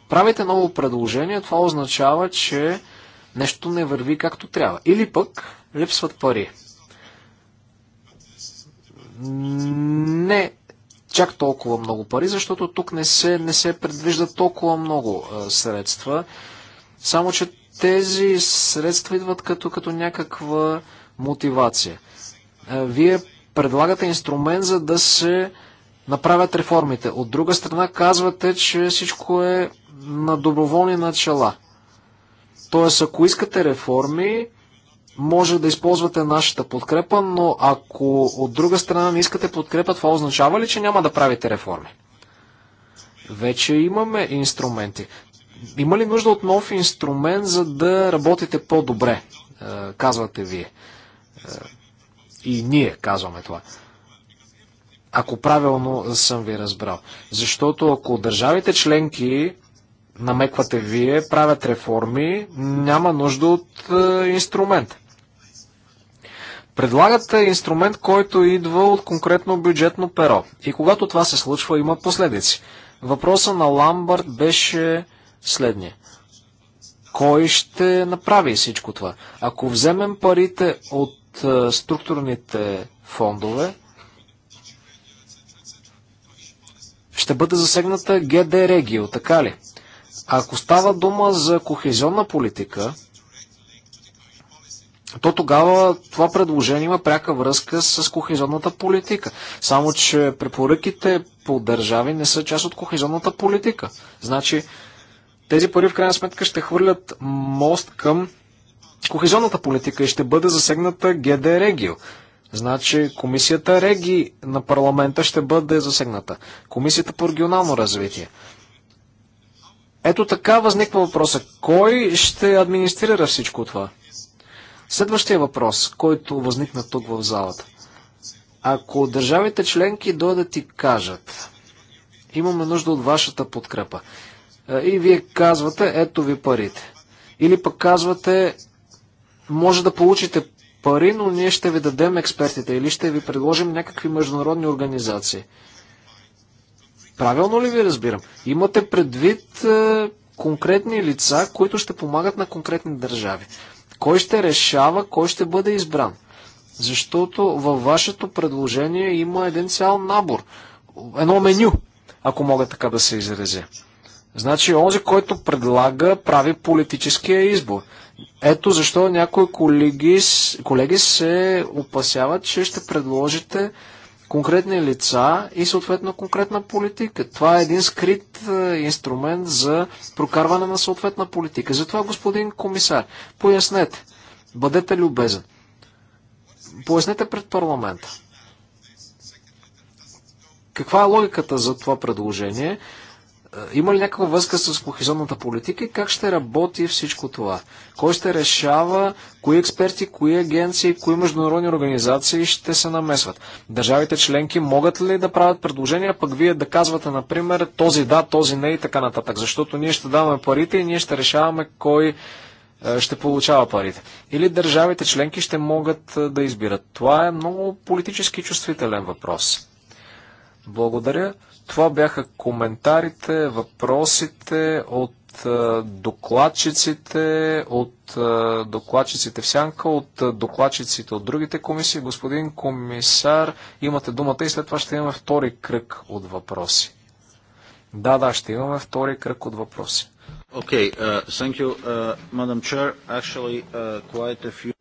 правите ново предложение, това означава, че нещо не върви както трябва. Или пък липсват пари не чак толкова много пари, защото тук не се, не се предвижда толкова много а, е, средства. Само, че тези средства идват като, като някаква мотивация. А, е, вие предлагате инструмент, за да се направят реформите. От друга страна казвате, че всичко е на доброволни начала. Тоест, ако искате реформи, може да използвате нашата подкрепа, но ако от друга страна не искате подкрепа, това означава ли, че няма да правите реформи? Вече имаме инструменти. Има ли нужда от нов инструмент, за да работите по-добре, е, казвате вие? Е, и ние казваме това. Ако правилно съм ви разбрал. Защото ако държавите членки намеквате вие, правят реформи, няма нужда от е, инструмент. Предлагате инструмент, който идва от конкретно бюджетно перо. И когато това се случва, има последици. Въпросът на Ламбард беше следния. Кой ще направи всичко това? Ако вземем парите от е, структурните фондове, ще бъде засегната ГД Регио, така ли? Ако става дума за кохезионна политика, то тогава това предложение има пряка връзка с кохезионната политика. Само, че препоръките по държави не са част от кохезионната политика. Значи, тези пари в крайна сметка ще хвърлят мост към кохезионната политика и ще бъде засегната ГД Регио. Значи комисията Реги на парламента ще бъде засегната. Комисията по регионално развитие. Ето така възниква въпроса. Кой ще администрира всичко това? Следващия въпрос, който възникна тук в залата. Ако държавите членки дойдат и кажат, имаме нужда от вашата подкрепа, и вие казвате, ето ви парите. Или пък казвате, може да получите пари, но ние ще ви дадем експертите или ще ви предложим някакви международни организации. Правилно ли ви разбирам? Имате предвид е, конкретни лица, които ще помагат на конкретни държави. Кой ще решава, кой ще бъде избран? Защото във вашето предложение има един цял набор, едно меню, ако мога така да се изразя. Значи, онзи, който предлага, прави политическия избор. Ето защо някои колеги, колеги се опасяват, че ще предложите конкретни лица и съответно конкретна политика. Това е един скрит е, инструмент за прокарване на съответна политика. Затова, господин комисар, пояснете, бъдете любезен. Пояснете пред парламента. Каква е логиката за това предложение? Е, има ли някаква връзка с кохезионната политика и как ще работи всичко това? Кой ще решава кои експерти, кои агенции, кои международни организации ще се намесват? Държавите членки могат ли да правят предложения, пък вие да казвате, например, този да, този не и така нататък, защото ние ще даваме парите и ние ще решаваме кой е, ще получава парите. Или държавите членки ще могат е, да избират. Това е много политически чувствителен въпрос. Благодаря. Това бяха коментарите, въпросите от докладчиците, от докладчиците в Сянка, от докладчиците от другите комисии. Господин комисар, имате думата и след това ще имаме втори кръг от въпроси. Да, да, ще имаме втори кръг от въпроси. Okay, uh, thank you, uh, Madam Chair. Uh,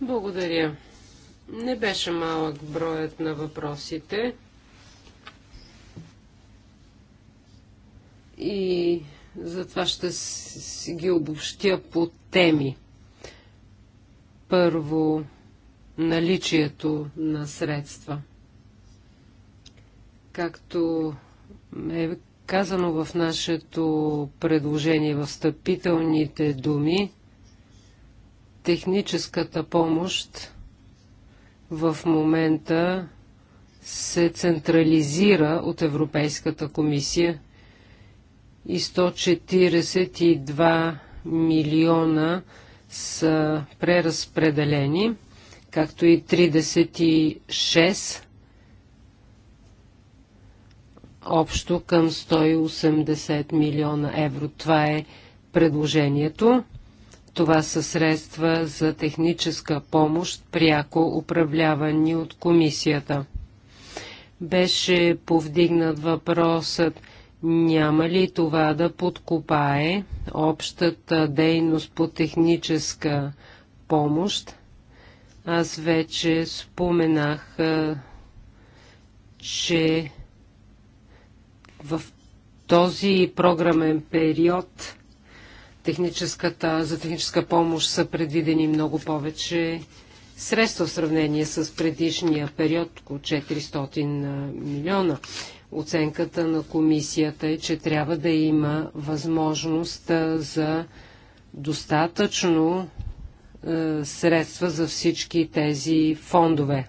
Благодаря. Не беше малък броят на въпросите. И затова ще си ги обобщя по теми. Първо, наличието на средства. Както е казано в нашето предложение в стъпителните думи, техническата помощ в момента се централизира от Европейската комисия и 142 милиона са преразпределени, както и 36 общо към 180 милиона евро. Това е предложението. Това са средства за техническа помощ, пряко управлявани от комисията. Беше повдигнат въпросът няма ли това да подкопае общата дейност по техническа помощ. Аз вече споменах, че в този програмен период техническата, за техническа помощ са предвидени много повече средства в сравнение с предишния период, около 400 милиона. Оценката на комисията е, че трябва да има възможност за достатъчно средства за всички тези фондове.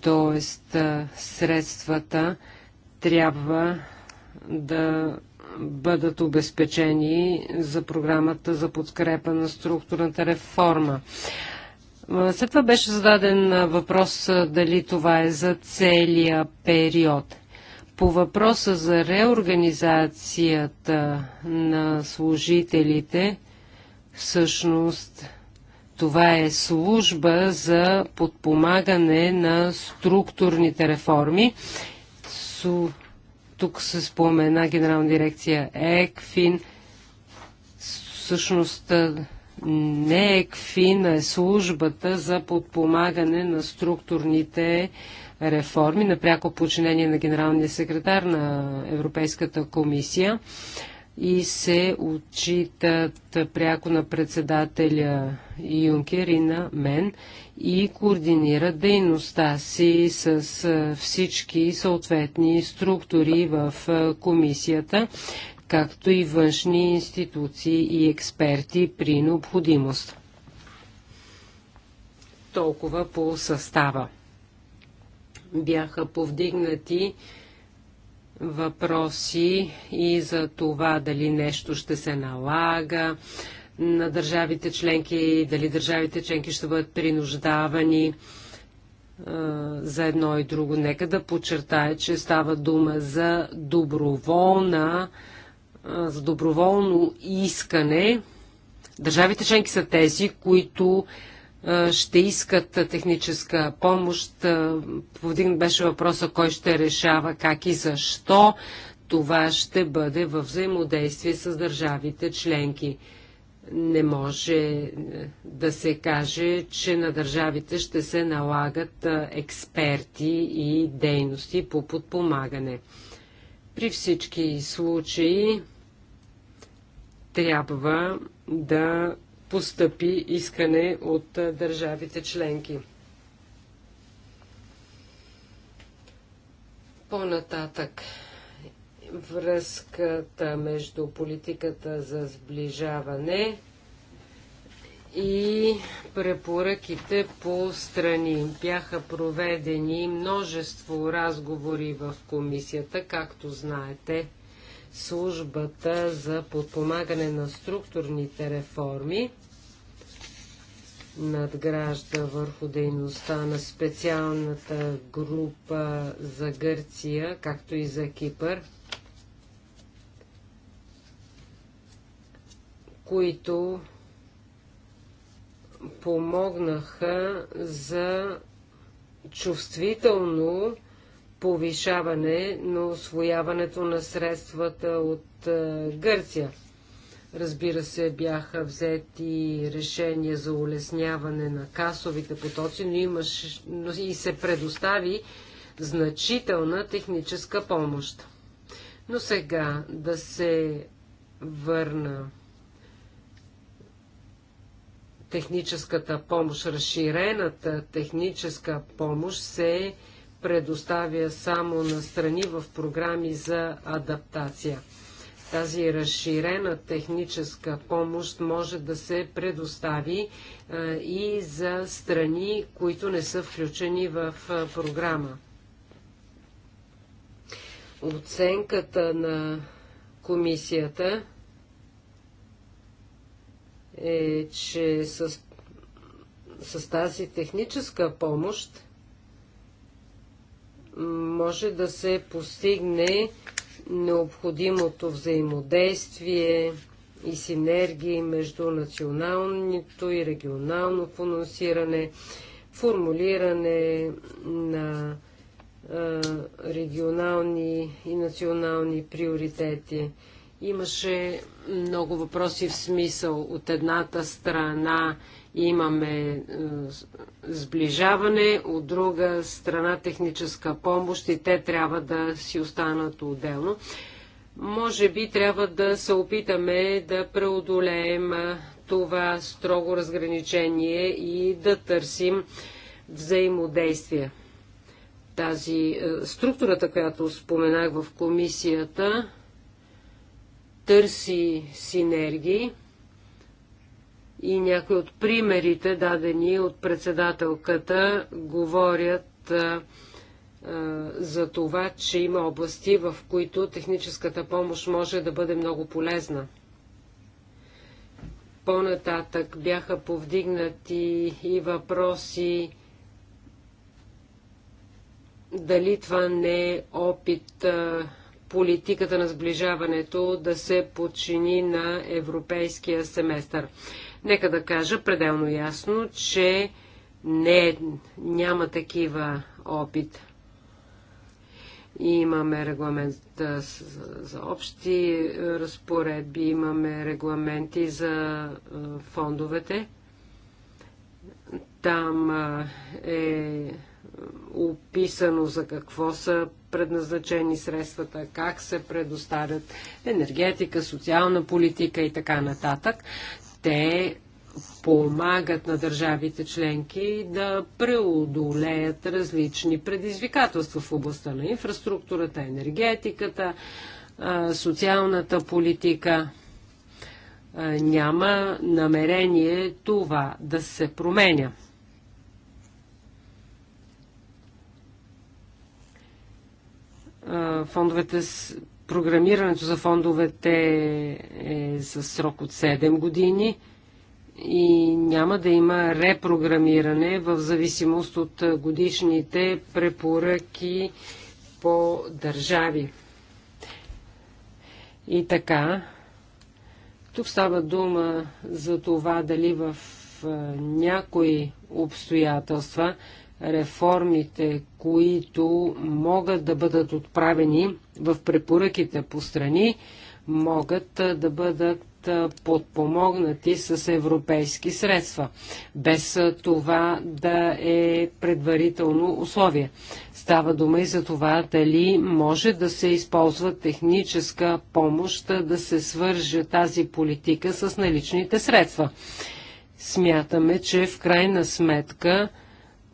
Тоест, средствата трябва да бъдат обезпечени за програмата за подкрепа на структурната реформа. След това беше зададен въпрос дали това е за целия период. По въпроса за реорганизацията на служителите, всъщност това е служба за подпомагане на структурните реформи. Тук се спомена генерална дирекция ЕКФИН. Всъщност не ЕКФИН, а е службата за подпомагане на структурните реформи, напряко подчинение на генералния секретар на Европейската комисия и се отчитат пряко на председателя Юнкер и на мен и координират дейността си с всички съответни структури в комисията, както и външни институции и експерти при необходимост. Толкова по състава. Бяха повдигнати въпроси и за това дали нещо ще се налага на държавите членки, и дали държавите членки ще бъдат принуждавани за едно и друго. Нека да подчертая, че става дума за доброволна, за доброволно искане. Държавите членки са тези, които е, ще искат техническа помощ. Е, Повдигнат беше въпроса кой ще решава как и защо. Това ще бъде във взаимодействие с държавите членки. Не може е, да се каже, че на държавите ще се налагат експерти и дейности по подпомагане. При всички случаи трябва да постъпи искане от държавите членки. По-нататък връзката между политиката за сближаване и препоръките по страни. Бяха проведени множество разговори в комисията, както знаете службата за подпомагане на структурните реформи надгражда върху дейността на специалната група за Гърция, както и за Кипър, които помогнаха за чувствително повишаване на освояването на средствата от Гърция. Разбира се, бяха взети решения за улесняване на касовите потоци, но, имаш, но и се предостави значителна техническа помощ. Но сега да се върна техническата помощ, разширената техническа помощ се предоставя само на страни в програми за адаптация. Тази разширена техническа помощ може да се предостави а, е, и за страни, които не са включени в а, е, програма. Оценката на комисията е, че с, с тази техническа помощ може да се постигне необходимото взаимодействие и синергии между националното и регионално финансиране, формулиране на а, регионални и национални приоритети. Имаше много въпроси в смисъл от едната страна Имаме е, сближаване, от друга страна техническа помощ и те трябва да си останат отделно. Може би трябва да се опитаме да преодолеем е, това строго разграничение и да търсим взаимодействие. Тази е, структурата, която споменах в комисията, търси синергии и някои от примерите, дадени от председателката, говорят а, а, за това, че има области, в които техническата помощ може да бъде много полезна. По-нататък бяха повдигнати и въпроси дали това не е опит а, политиката на сближаването да се подчини на европейския семестър. Нека да кажа пределно ясно, че не, няма такива опит. Имаме регламент за общи е, разпоредби, имаме регламенти за е, фондовете. Там е описано за какво са предназначени средствата, как се предоставят енергетика, социална политика и така нататък те помагат на държавите членки да преодолеят различни предизвикателства в областта на инфраструктурата, енергетиката, социалната политика. Няма намерение това да се променя. Фондовете Програмирането за фондовете е със срок от 7 години и няма да има репрограмиране в зависимост от годишните препоръки по държави. И така, тук става дума за това дали в някои обстоятелства реформите, които могат да бъдат отправени в препоръките по страни, могат да бъдат подпомогнати с европейски средства, без това да е предварително условие. Става дума и за това дали може да се използва техническа помощ да се свърже тази политика с наличните средства. Смятаме, че в крайна сметка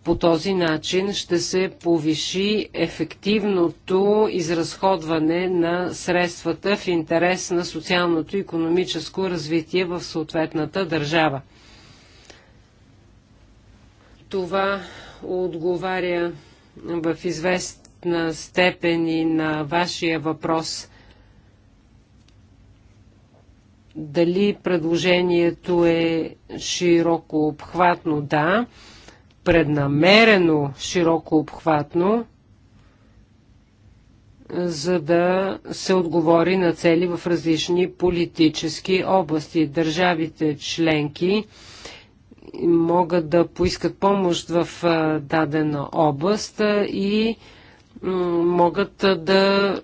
по този начин ще се повиши ефективното изразходване на средствата в интерес на социалното и економическо развитие в съответната държава. Това отговаря в известна степен и на вашия въпрос дали предложението е широко обхватно, да преднамерено широко обхватно, за да се отговори на цели в различни политически области. Държавите членки могат да поискат помощ в дадена област и могат да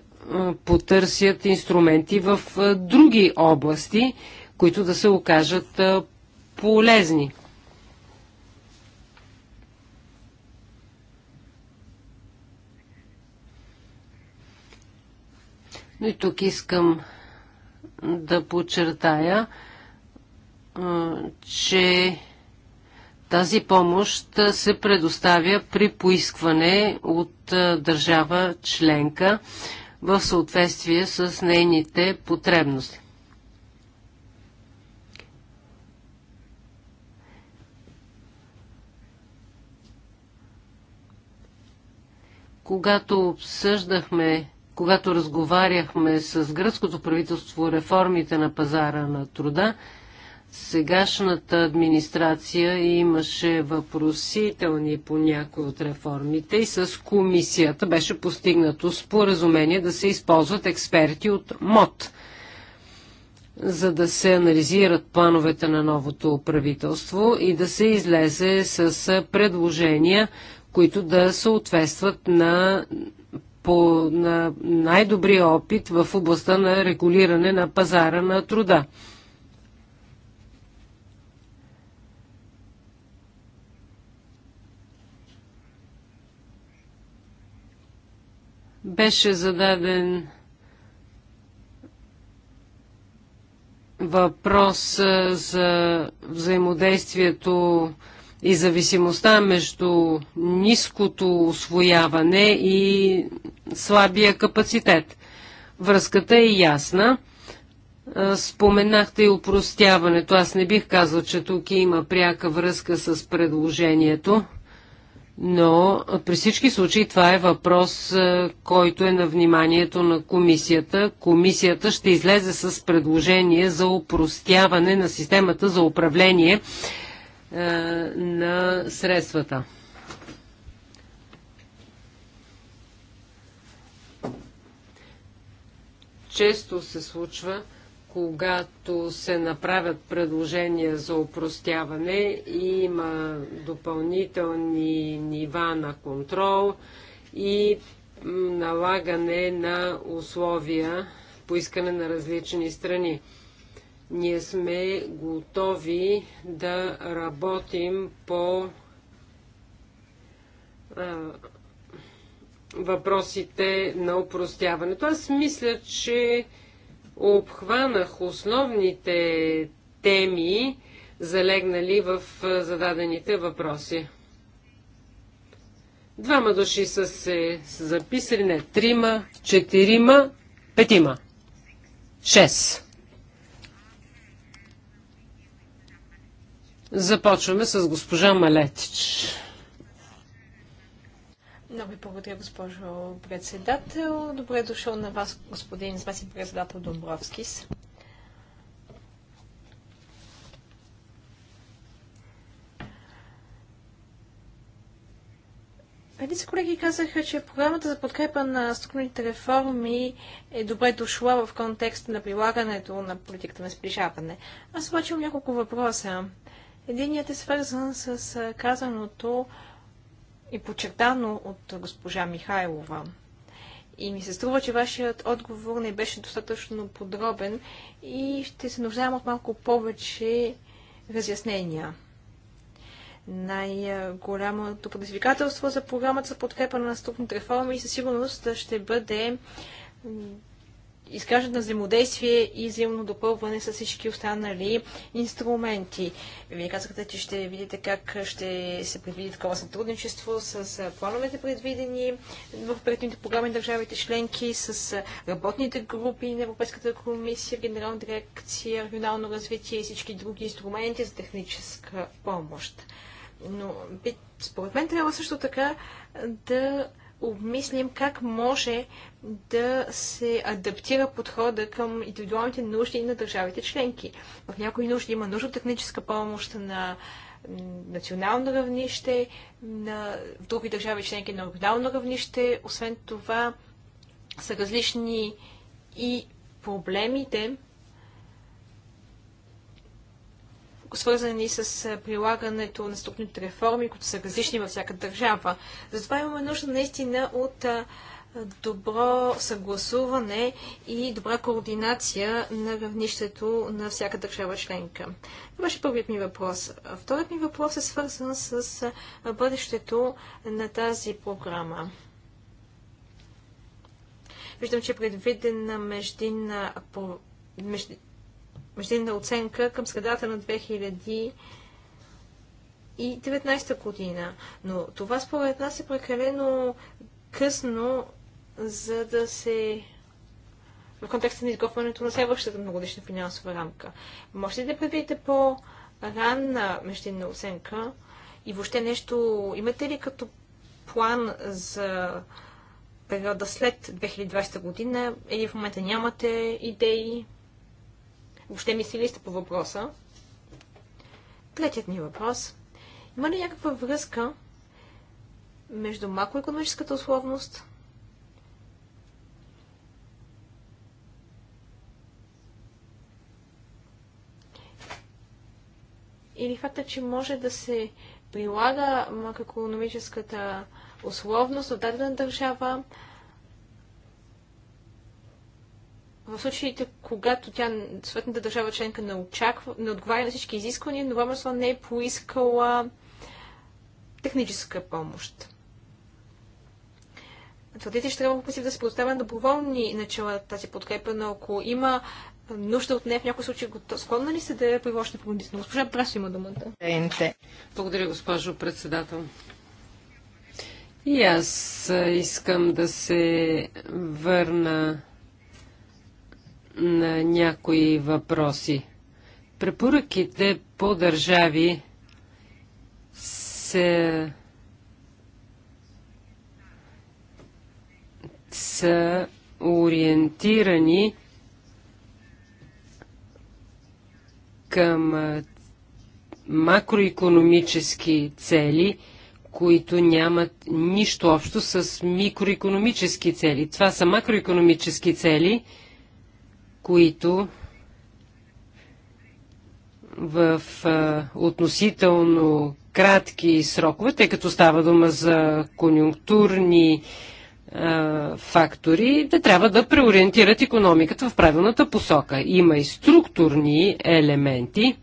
потърсят инструменти в други области, които да се окажат полезни. Но и тук искам да подчертая, че тази помощ се предоставя при поискване от държава членка в съответствие с нейните потребности. Когато обсъждахме когато разговаряхме с гръцкото правителство реформите на пазара на труда, сегашната администрация имаше въпросителни по някои от реформите и с комисията беше постигнато споразумение да се използват експерти от МОД, за да се анализират плановете на новото правителство и да се излезе с предложения, които да съответстват на по, на най-добрия опит в областта на регулиране на пазара на труда. Беше зададен въпрос за взаимодействието и зависимостта между ниското освояване и слабия капацитет. Връзката е ясна. Споменахте и упростяването. Аз не бих казал, че тук има пряка връзка с предложението, но при всички случаи това е въпрос, който е на вниманието на комисията. Комисията ще излезе с предложение за упростяване на системата за управление е, на средствата. Често се случва, когато се направят предложения за упростяване и има допълнителни нива на контрол и налагане на условия по искане на различни страни. Ние сме готови да работим по въпросите на упростяването. Аз мисля, че обхванах основните теми, залегнали в зададените въпроси. Двама души са се записали, не, трима, четирима, петима. Шест. Започваме с госпожа Малетич. Много ви благодаря, госпожо председател. Добре е дошъл на вас, господин Спаси председател Домбровскис. Редица колеги казаха, че програмата за подкрепа на структурните реформи е добре дошла в контекста на прилагането на политиката на сближаване. Аз обаче имам няколко въпроса. Единият е свързан с казаното и подчертано от госпожа Михайлова. И ми се струва, че вашият отговор не беше достатъчно подробен и ще се нуждаем от малко повече разяснения. Най-голямото предизвикателство за програмата за подкрепа на структурните реформи със сигурност ще бъде изграждат на взаимодействие и взаимно допълване с всички останали инструменти. Вие казахте, че ще видите как ще се предвиди такова сътрудничество с плановете предвидени в предните програми на държавите членки, с работните групи на Европейската комисия, Генерална дирекция, регионално развитие и всички други инструменти за техническа помощ. Но според мен трябва също така да обмислим как може да се адаптира подхода към индивидуалните нужди на държавите членки. В някои нужди има нужда техническа помощ на национално равнище, на, в други държави членки на регионално равнище. Освен това са различни и проблемите, свързани с прилагането на структурните реформи, които са различни във всяка държава. Затова имаме нужда наистина от добро съгласуване и добра координация на равнището на всяка държава членка. Това беше първият ми въпрос. Вторият ми въпрос е свързан с бъдещето на тази програма. Виждам, че е предвидена междинна междинна оценка към средата на 2019 година. Но това според нас е прекалено късно, за да се в контекста на изготвянето на следващата многодишна финансова рамка. Може ли да предвидите по-ранна междинна оценка и въобще нещо, имате ли като план за периода след 2020 година или в момента нямате идеи? Въобще мислили сте по въпроса? Третият ни въпрос. Има ли някаква връзка между макроекономическата условност или факта, че може да се прилага макроекономическата условност от дадена държава в случаите, когато тя, съответната държава членка, не, очаква, не отговаря на всички изисквания, но Ромърсън не е поискала техническа помощ. Твърдите, ще трябва по да се предоставя доброволни начала тази подкрепа, но ако има нужда от нея в някои случаи, склонна ли се да я по принудително? Госпожа Прасо има думата. Благодаря, госпожо председател. И аз искам да се върна на някои въпроси. Препоръките по държави се са ориентирани към макроекономически цели, които нямат нищо общо с микроекономически цели. Това са макроекономически цели – които в а, относително кратки срокове, тъй като става дума за конюнктурни а, фактори, да трябва да преориентират економиката в правилната посока. Има и структурни елементи,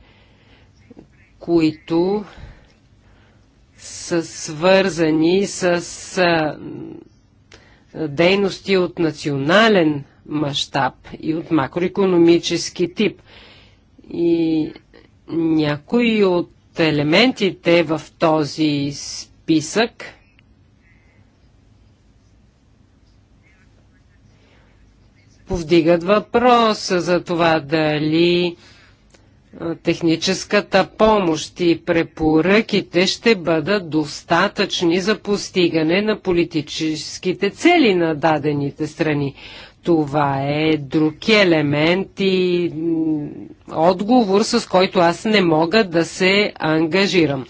които са свързани с а, дейности от национален мащаб и от макроекономически тип. И някои от елементите в този списък повдигат въпроса за това дали техническата помощ и препоръките ще бъдат достатъчни за постигане на политическите цели на дадените страни. Това е друг елемент и отговор, с който аз не мога да се ангажирам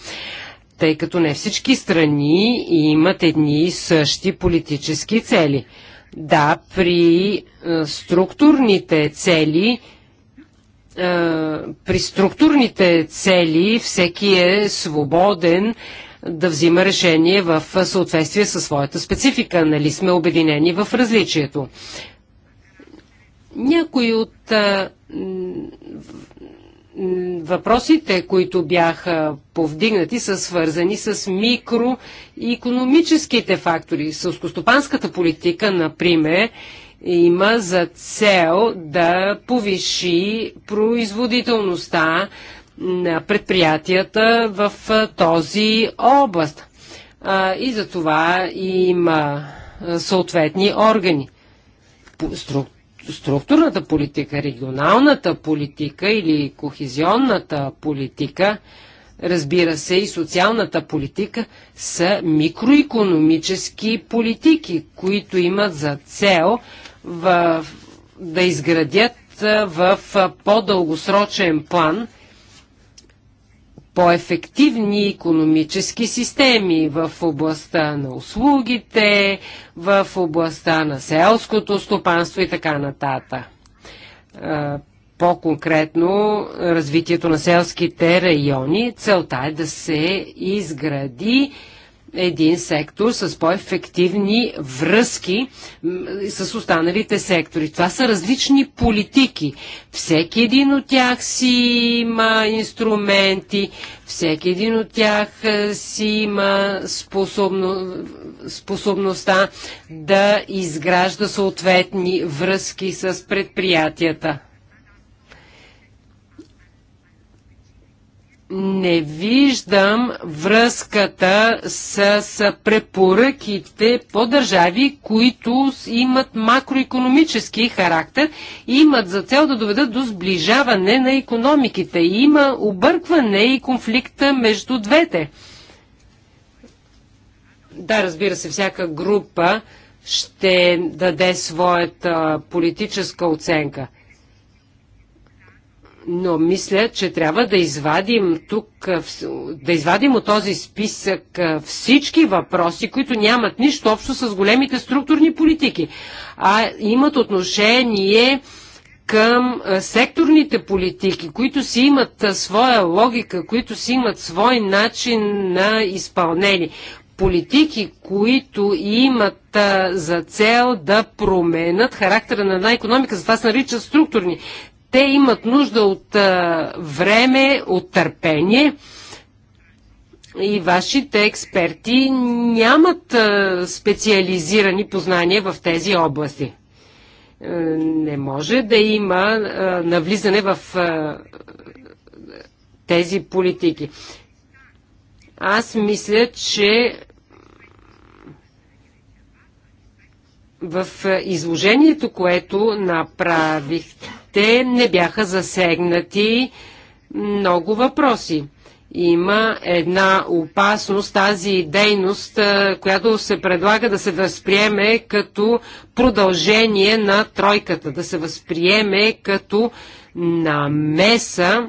тъй като не всички страни имат едни и същи политически цели. Да, при структурните цели, при структурните цели всеки е свободен да взима решение в съответствие със своята специфика. Нали сме обединени в различието. Някои от а, въпросите, които бяха повдигнати, са свързани с микроекономическите фактори. Сълскостопанската политика, например, има за цел да повиши производителността на предприятията в този област. И за това има съответни органи. Структура структурната политика, регионалната политика или кохезионната политика, разбира се и социалната политика, са микроекономически политики, които имат за цел в, да изградят в по-дългосрочен план по-ефективни економически системи в областта на услугите, в областта на селското стопанство и така нататък. По-конкретно развитието на селските райони. Целта е да се изгради един сектор с по-ефективни връзки с останалите сектори. Това са различни политики. Всеки един от тях си има инструменти, всеки един от тях е, си има способно, способността да изгражда съответни връзки с предприятията. не виждам връзката с, с препоръките по държави, които имат макроекономически характер и имат за цел да доведат до сближаване на економиките. Има объркване и конфликта между двете. Да, разбира се, всяка група ще даде своята политическа оценка – но мисля, че трябва да извадим тук, да извадим от този списък всички въпроси, които нямат нищо общо с големите структурни политики, а имат отношение към секторните политики, които си имат своя логика, които си имат свой начин на изпълнение. Политики, които имат за цел да променят характера на една економика, затова се наричат структурни. Те имат нужда от време, от търпение и вашите експерти нямат специализирани познания в тези области. Е, не може да има навлизане в тези политики. Аз мисля, че в изложението, което направихте, те не бяха засегнати много въпроси. Има една опасност тази дейност, която се предлага да се възприеме като продължение на тройката, да се възприеме като намеса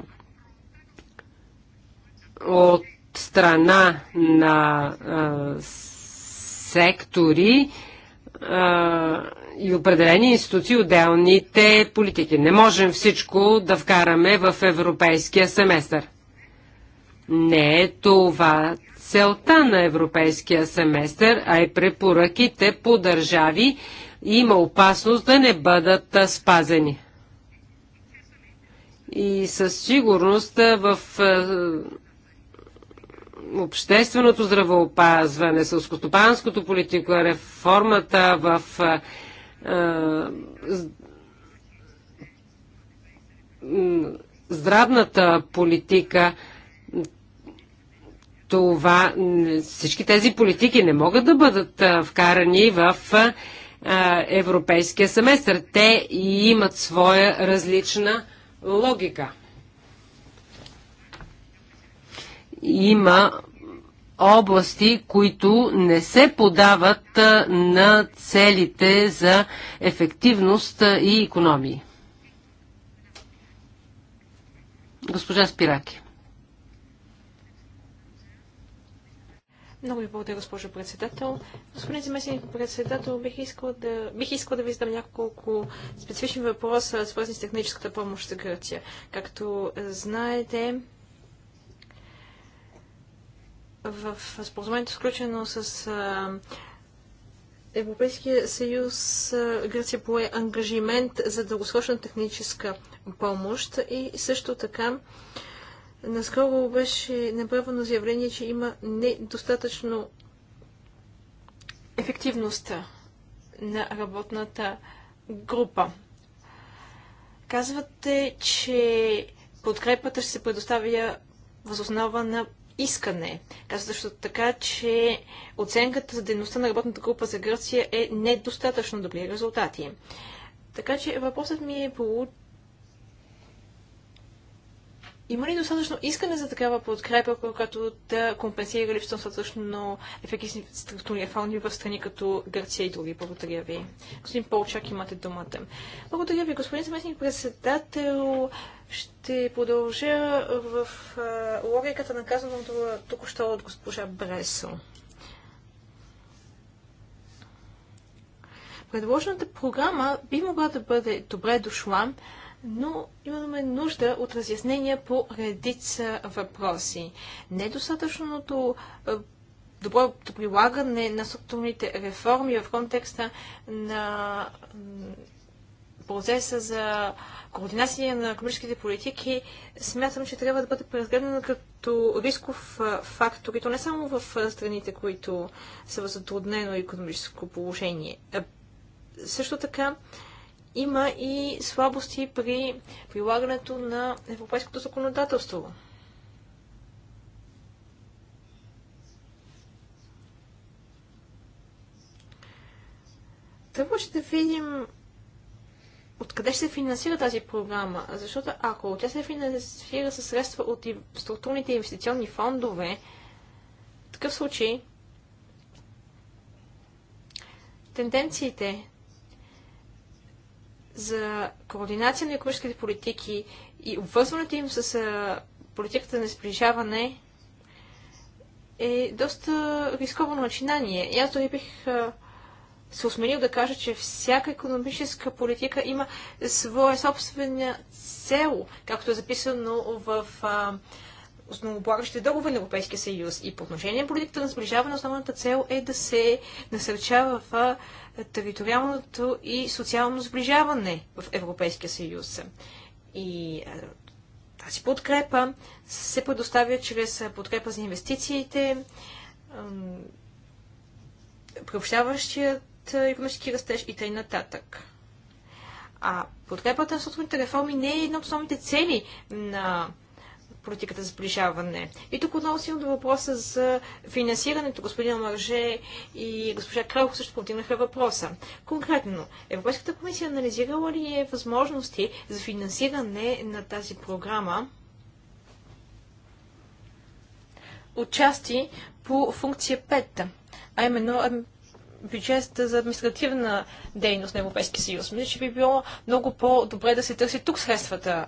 от страна на а, сектори а, и определени институции, отделните политики. Не можем всичко да вкараме в европейския семестър. Не е това целта на европейския семестър, а и препоръките по държави има опасност да не бъдат спазени. И със сигурност в общественото здравеопазване, сълскостопанското политика, реформата в е, здравната политика, това, всички тези политики не могат да бъдат е, вкарани в е, европейския семестър. Те имат своя различна логика. Има области, които не се подават на целите за ефективност и економии. Госпожа Спираки. Много ви благодаря, госпожо председател. Господин заместник председател, бих искала да, бих искала да ви задам няколко специфични въпроса, свързани с техническата помощ за Гърция. Както знаете, в споразумението, сключено с а, Европейския съюз, Гърция пое ангажимент за дългосрочна техническа помощ и също така наскоро беше направено заявление, че има недостатъчно ефективност на работната група. Казвате, че подкрепата ще се предоставя възоснова на искане. Каза също така, че оценката за дейността на работната група за Гърция е недостатъчно добри резултати. Така че въпросът ми е, има ли достатъчно искане за такава подкрепа, която да компенсира липсата на достатъчно ефективни структурни реформи в страни като Гърция и други? Благодаря ви. Господин Полчак, имате думата. Благодаря ви, господин заместник председател. Ще продължа в а, логиката на казаното току-що от госпожа Бресо. Предложената програма би могла да бъде добре дошла, но имаме нужда от разяснения по редица въпроси. Недостатъчното е, доброто прилагане на структурните реформи в контекста на процеса за координация на економическите политики, смятам, че трябва да бъде преразгледана като рисков е, фактор, и то не само в е, страните, които са в затруднено економическо положение. Също така, има и слабости при прилагането на европейското законодателство. Трябва ще видим откъде ще се финансира тази програма, защото ако тя се финансира със средства от структурните инвестиционни фондове, в такъв случай тенденциите за координация на економическите политики и обвързването им с политиката на сближаване е доста рисковано начинание. И аз дори бих се осмелил да кажа, че всяка економическа политика има своя собствена цел, както е записано в а, основополагащите договори на Европейския съюз. И по отношение на политиката на сближаване, основната цел е да се насърчава в териториалното и социално сближаване в Европейския съюз. И тази подкрепа се предоставя чрез подкрепа за инвестициите, приобщаващият економически растеж и т.н. нататък. А подкрепата на структурните реформи не е една от основните цели на политиката за сближаване. И тук отново стигна до въпроса за финансирането. Господин Марже и госпожа Кралко също повдигнаха въпроса. Конкретно, Европейската комисия анализирала ли е възможности за финансиране на тази програма? Отчасти по функция 5, а именно бюджет за административна дейност на Европейския съюз. Мисля, че би било много по-добре да се търси тук средствата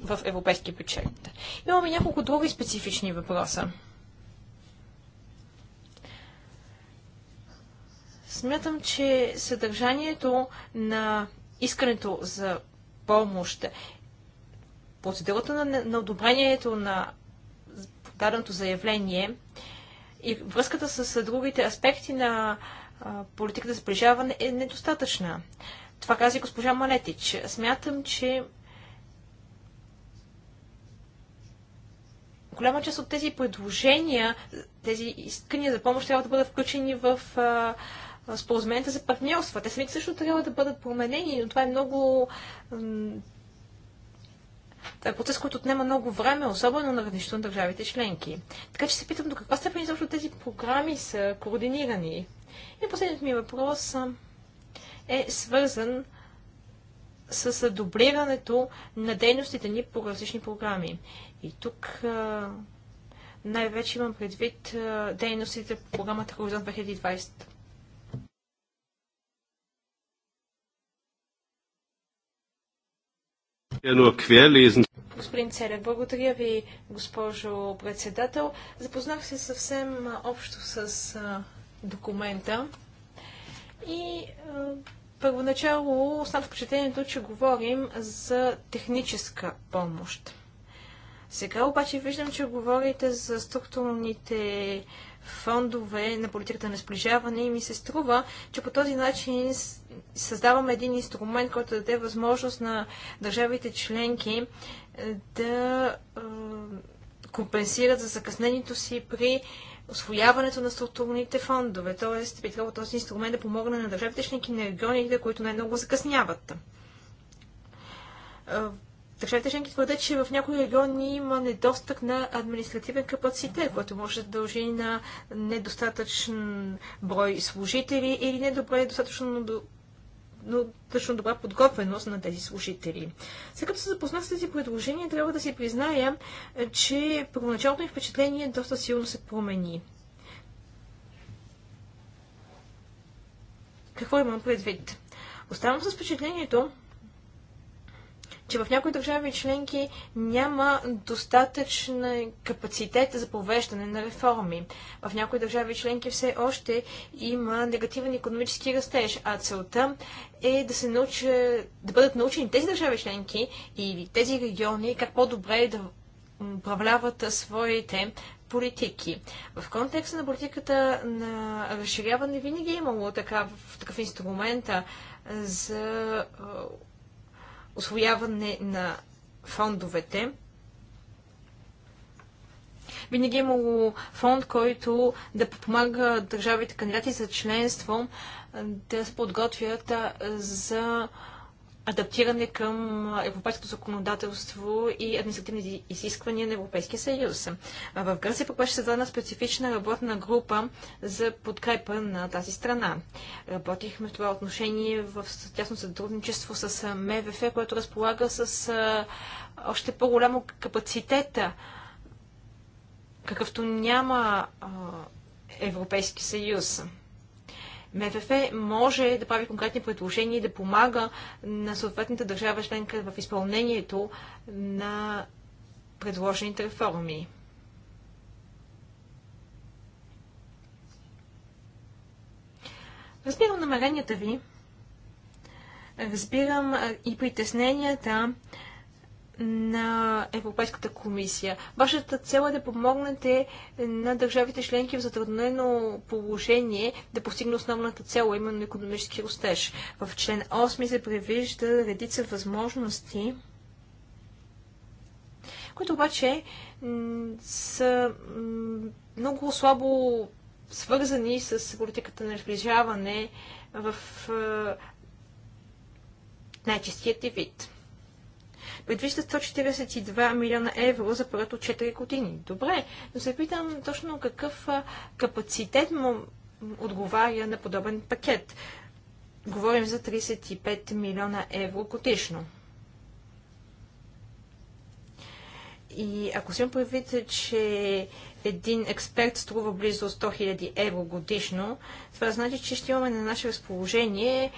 в европейския бюджет. Имаме няколко други специфични въпроса. Смятам, че съдържанието на искането за помощ, процедурата на, на одобрението на даденото заявление и връзката с другите аспекти на а, политиката за сближаване е недостатъчна. Това каза и госпожа Малетич. Смятам, че голяма част от тези предложения, тези искания за помощ трябва да бъдат включени в а, за партньорства. Те самите също трябва да бъдат променени, но това е много. Това е процес, който отнема много време, особено на равнището на държавите членки. Така че се питам до каква степен изобщо тези програми са координирани. И последният ми въпрос е свързан с дублирането на дейностите ни по различни програми. И тук най-вече имам предвид дейностите по програмата Хоризонт 2020. Господин Целев, благодаря ви, госпожо председател. Запознах се съвсем общо с документа и първоначало остана впечатлението, че говорим за техническа помощ. Сега обаче виждам, че говорите за структурните фондове на политиката на сближаване и ми се струва, че по този начин създаваме един инструмент, който даде възможност на държавите членки е, да е, компенсират за закъснението си при освояването на структурните фондове. т.е. би трябвало този инструмент да помогне на държавите членки на регионите, които най-много закъсняват. Е, държавите членки твърдят, че в някои региони има недостъг на административен капацитет, който може да дължи на недостатъчен брой служители или недобре достатъчно достатъчно добра подготвеност на тези служители. След като се запознах с тези предложения, трябва да си призная, че първоначалното ми впечатление доста силно се промени. Какво имам предвид? Оставам с впечатлението, че в някои държави членки няма достатъчен капацитет за повеждане на реформи. В някои държави членки все още има негативен економически растеж, а целта е да се научи, да бъдат научени тези държави членки или тези региони как по-добре да управляват своите политики. В контекста на политиката на разширяване винаги е имало така, в такъв инструмент за освояване на фондовете. Винаги е имало фонд, който да помага държавите кандидати за членство да се подготвят за адаптиране към европейското законодателство и административни изисквания на Европейския съюз. В Гърция пък беше създадена специфична работна група за подкрепа на тази страна. Работихме в това отношение в тясно сътрудничество с МВФ, което разполага с още по-голямо капацитета, какъвто няма Европейски съюз. МФФ може да прави конкретни предложения и да помага на съответната държава членка в изпълнението на предложените реформи. Разбирам намеренията ви, разбирам и притесненията на Европейската комисия. Вашата цел е да помогнете на държавите членки в затруднено положение да постигне основната цел, именно економически растеж. В член 8 се превижда редица възможности, които обаче са много слабо свързани с политиката на разближаване в най-чистият вид предвижда 142 милиона евро за първото 4 години. Добре, но се питам точно какъв капацитет му отговаря на подобен пакет. Говорим за 35 милиона евро годишно. И ако си предвид, че един експерт струва близо 100 000 евро годишно, това значи, че ще имаме на наше разположение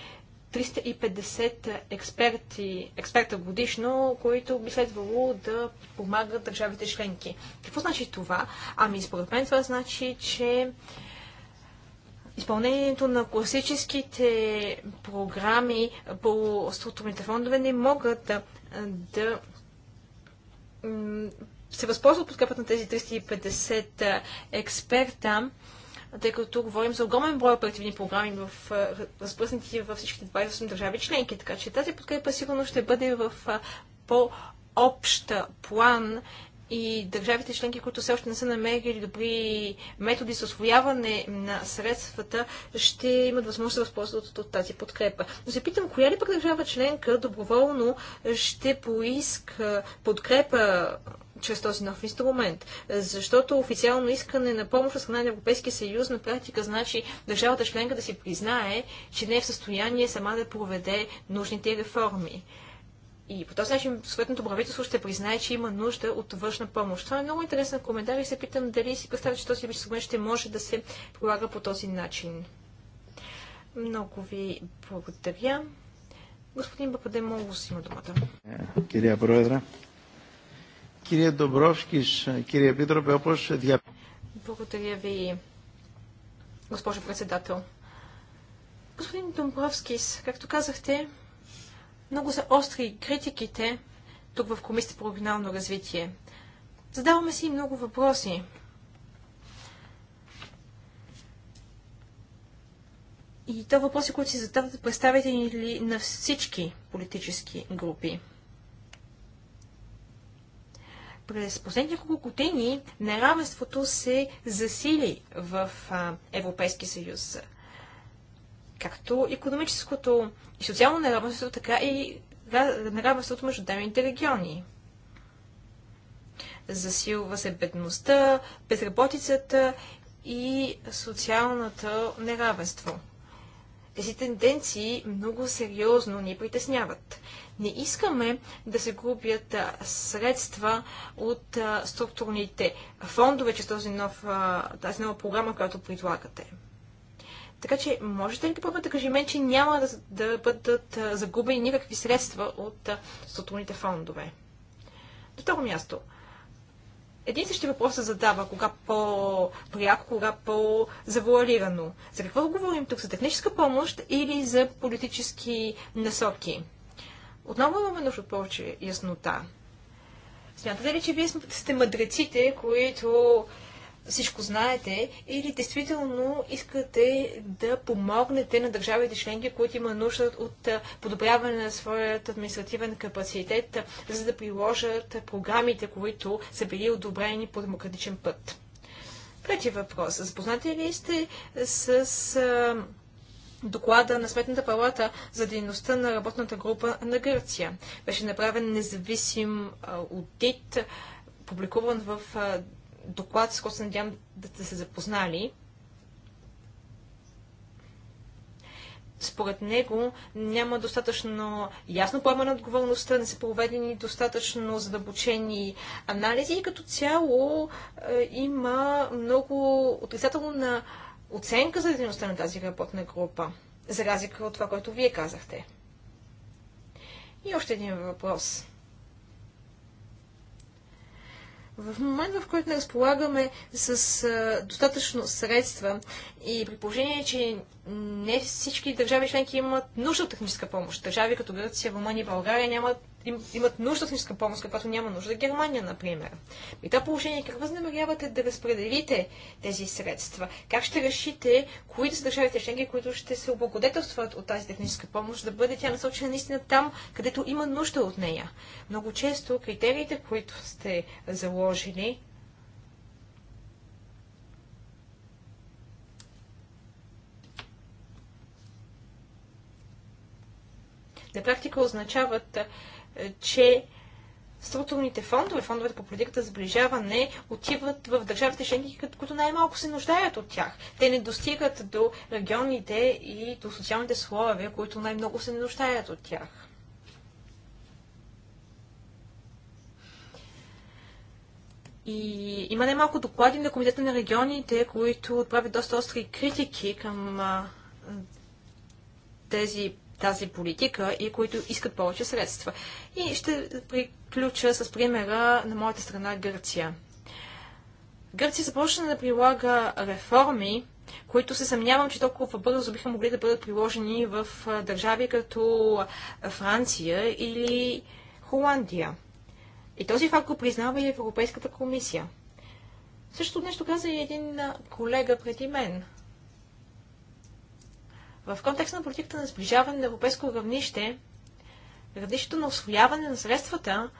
350 експерти, експерта годишно, които би следвало да помагат държавите членки. Какво значи това? Ами, според мен това значи, че изпълнението на класическите програми по структурните фондове не могат да, да се възползват подкрепата на тези 350 експерта тъй като говорим за огромен брой оперативни програми в, разпръснати във всичките 28 държави членки. Така че тази подкрепа сигурно ще бъде в по обща план и държавите членки, които все още не са намерили добри методи за освояване на средствата, ще имат възможност да възползват от тази подкрепа. Но се питам, коя ли пък държава членка доброволно ще поиска подкрепа чрез този нов инструмент. Защото официално искане на помощ от страна на Европейския съюз на практика значи държавата членка да си признае, че не е в състояние сама да проведе нужните реформи. И по този начин съответното правителство ще признае, че има нужда от външна помощ. Това е много интересен коментар и се питам дали си представя, че този инструмент ще може да се прилага по този начин. Много ви благодаря. Господин си има думата. Кирия Проедра κύριε Ντομπρόφσκης, κύριε Επίτροπε, όπως δια... Благодаря ви, госпожо председател. Господин Домбровскис, както казахте, много са остри критиките тук в Комисията по регионално развитие. Задаваме си много въпроси. И то въпроси, които си задават представители на всички политически групи. През последните няколко години неравенството се засили в Европейския съюз. Както економическото и социално неравенство, така и неравенството между дамените региони. Засилва се бедността, безработицата и социалното неравенство. Тези тенденции много сериозно ни притесняват. Не искаме да се губят средства от структурните фондове, чрез този нов, тази нова програма, която предлагате. Така че, можете ли да кажем, че няма да, да бъдат загубени никакви средства от структурните фондове? На второ място, един същи въпрос се задава, кога по-пряко, кога по-завуалирано. За какво говорим тук? За техническа помощ или за политически насоки? Отново имаме нужда от повече яснота. Смятате ли, че вие сте мъдреците, които всичко знаете или действително искате да помогнете на държавите членки, които има нужда от подобряване на своят административен капацитет, за да приложат програмите, които са били одобрени по демократичен път. Трети въпрос. Запознати ли сте с доклада на Сметната палата за дейността на работната група на Гърция? Беше направен независим аудит, публикуван в доклад, с който се надявам да сте се запознали. според него няма достатъчно ясно поема на отговорността, не са проведени достатъчно задълбочени анализи и като цяло е, има много отрицателна оценка за дейността на тази работна група, за разлика от това, което вие казахте. И още един въпрос. В момент, в който не разполагаме с а, достатъчно средства и при положение, че не всички държави членки имат нужда от техническа помощ, държави като Гърция, Румъния и България нямат имат нужда от техническа помощ, каквато няма нужда Германия, например. При това положение, как възнамерявате да разпределите тези средства? Как ще решите кои са държавите членки, които ще се облагодетелстват от тази техническа помощ, да бъде тя насочена наистина там, където има нужда от нея? Много често критериите, които сте заложили, на практика означават, е, че структурните фондове, фондовете по политиката за сближаване, отиват в държавите членки, които най-малко се нуждаят от тях. Те не достигат до регионите и до социалните слоеве, които най-много се нуждаят от тях. И има немалко доклади на Комитета на регионите, които отправят доста остри критики към а, тези тази политика и които искат повече средства. И ще приключа с примера на моята страна Гърция. Гърция започна да прилага реформи, които се съмнявам, че толкова бързо биха могли да бъдат приложени в държави като Франция или Холандия. И този факт го признава и Европейската комисия. Също нещо каза и един колега преди мен. В контекста на политиката на сближаване на европейско равнище, равнището на освояване на средствата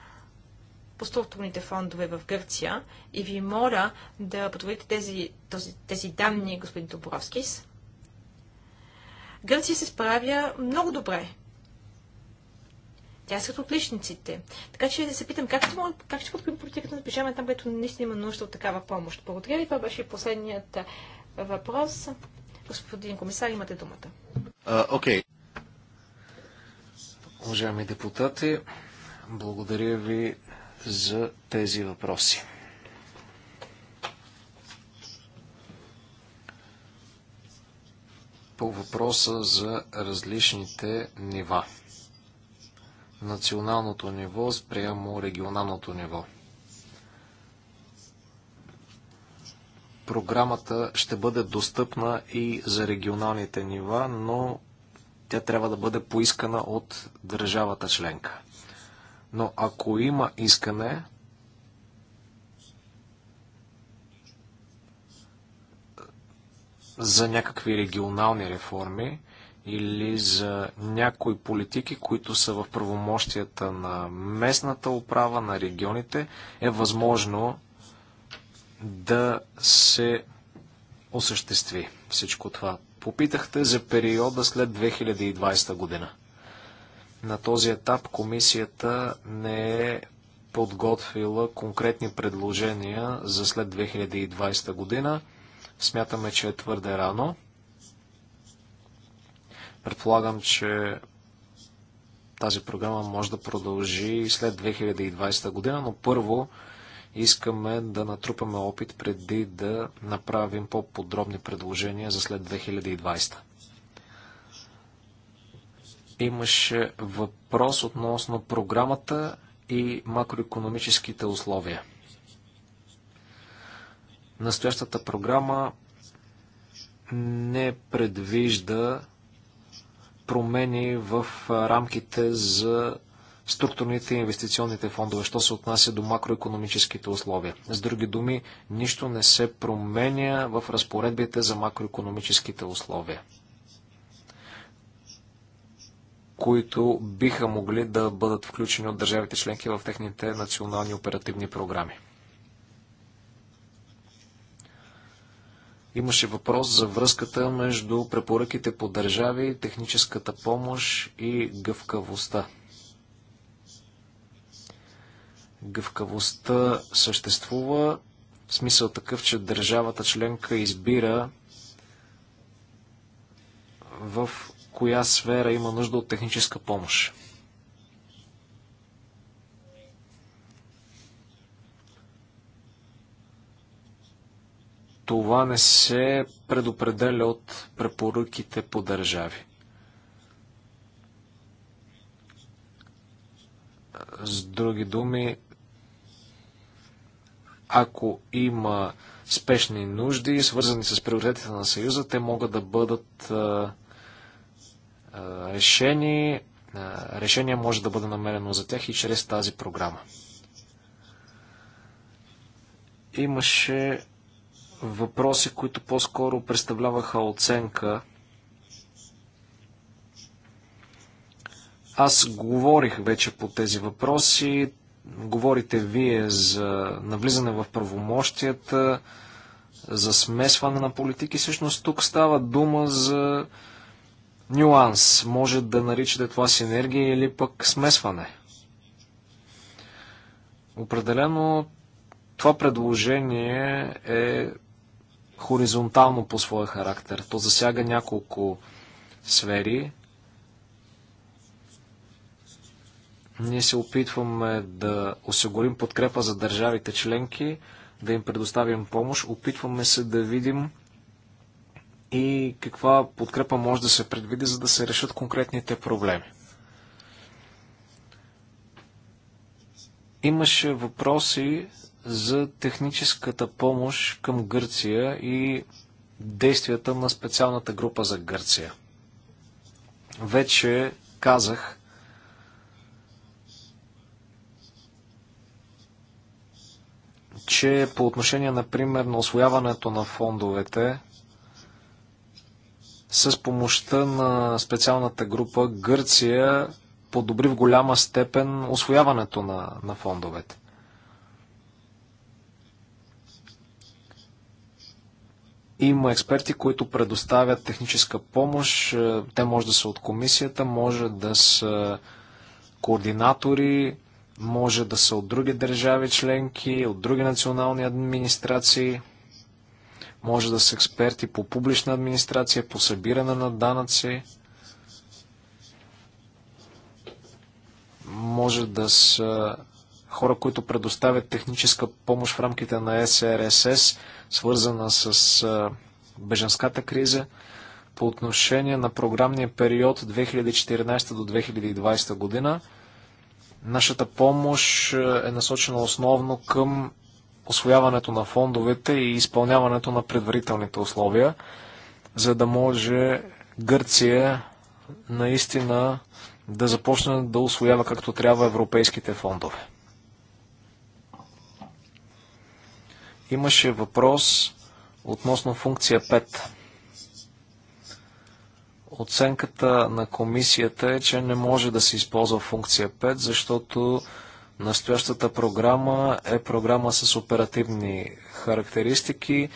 по структурните фондове в Гърция и ви моля да подобрите тези, този, тези данни, господин Добровскис. Гърция се справя много добре. Тя е сред отличниците. Така че да се питам как ще, как ще подкрепим политиката на сближаване там, където наистина има нужда от такава помощ. Благодаря ви. Това беше последният въпрос. Господин комисар, имате думата. Окей. Okay. Уважаеми депутати, благодаря ви за тези въпроси. По въпроса за различните нива. Националното ниво спрямо регионалното ниво – програмата ще бъде достъпна и за регионалните нива, но тя трябва да бъде поискана от държавата членка. Но ако има искане, за някакви регионални реформи или за някои политики, които са в правомощията на местната управа, на регионите, е възможно да се осъществи всичко това. Попитахте за периода след 2020 година. На този етап комисията не е подготвила конкретни предложения за след 2020 година. Смятаме, че е твърде рано. Предполагам, че тази програма може да продължи след 2020 година, но първо Искаме да натрупаме опит преди да направим по-подробни предложения за след 2020. Имаше въпрос относно програмата и макроекономическите условия. Настоящата програма не предвижда промени в рамките за структурните и инвестиционните фондове, що се отнася до макроекономическите условия. С други думи, нищо не се променя в разпоредбите за макроекономическите условия, които биха могли да бъдат включени от държавите членки в техните национални оперативни програми. Имаше въпрос за връзката между препоръките по държави, техническата помощ и гъвкавостта. Гъвкавостта съществува в смисъл такъв, че държавата членка избира в коя сфера има нужда от техническа помощ. Това не се предопределя от препоръките по държави. С други думи, ако има спешни нужди, свързани с приоритетите на Съюза, те могат да бъдат решени. решение може да бъде намерено за тях и чрез тази програма. Имаше въпроси, които по-скоро представляваха оценка. Аз говорих вече по тези въпроси говорите вие за навлизане в правомощията, за смесване на политики. Всъщност тук става дума за нюанс. Може да наричате това синергия или пък смесване. Определено това предложение е хоризонтално по своя характер. То засяга няколко сфери. Ние се опитваме да осигурим подкрепа за държавите членки, да им предоставим помощ. Опитваме се да видим и каква подкрепа може да се предвиди, за да се решат конкретните проблеми. Имаше въпроси за техническата помощ към Гърция и действията на специалната група за Гърция. Вече казах, че по отношение, например, на освояването на фондовете, с помощта на специалната група Гърция подобри в голяма степен освояването на, на фондовете. Има експерти, които предоставят техническа помощ. Е, те може да са от комисията, може да са координатори може да са от други държави членки, от други национални администрации, може да са експерти по публична администрация, по събиране на данъци, може да са хора, които предоставят техническа помощ в рамките на СРСС, свързана с беженската криза. По отношение на програмния период 2014 до 2020 година, Нашата помощ е, е насочена основно към освояването на фондовете и изпълняването на предварителните условия, за да може Гърция наистина да започне да освоява както трябва европейските фондове. Имаше въпрос относно функция 5. Оценката на комисията е, че не може да се използва функция 5, защото настоящата програма е програма с оперативни характеристики.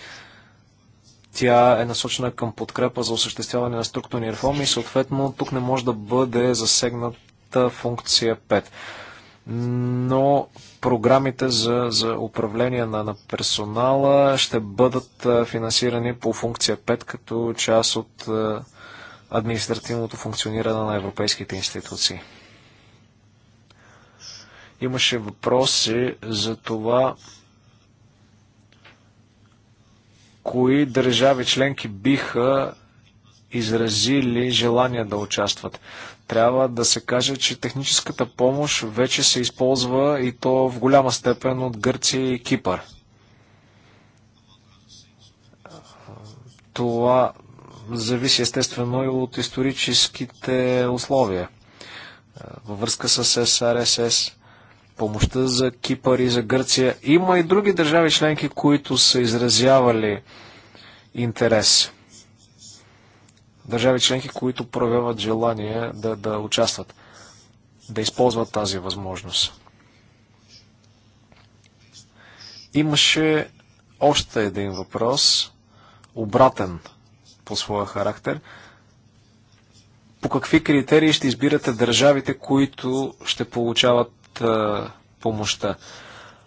Тя е насочена към подкрепа за осъществяване на структурни реформи и съответно тук не може да бъде засегната функция 5 но програмите за, за управление на, на персонала ще бъдат финансирани по функция 5 като част от административното функциониране на европейските институции. Имаше въпроси за това, кои държави членки биха изразили желание да участват. Трябва да се каже, че техническата помощ вече се използва и то в голяма степен от Гърция и Кипър. Това зависи естествено и от историческите условия във връзка с СРСС, помощта за Кипър и за Гърция. Има и други държави членки, които са изразявали интерес. Държави членки, които проявяват желание да, да участват, да използват тази възможност. Имаше още един въпрос, обратен по своя характер. По какви критерии ще избирате държавите, които ще получават а, помощта?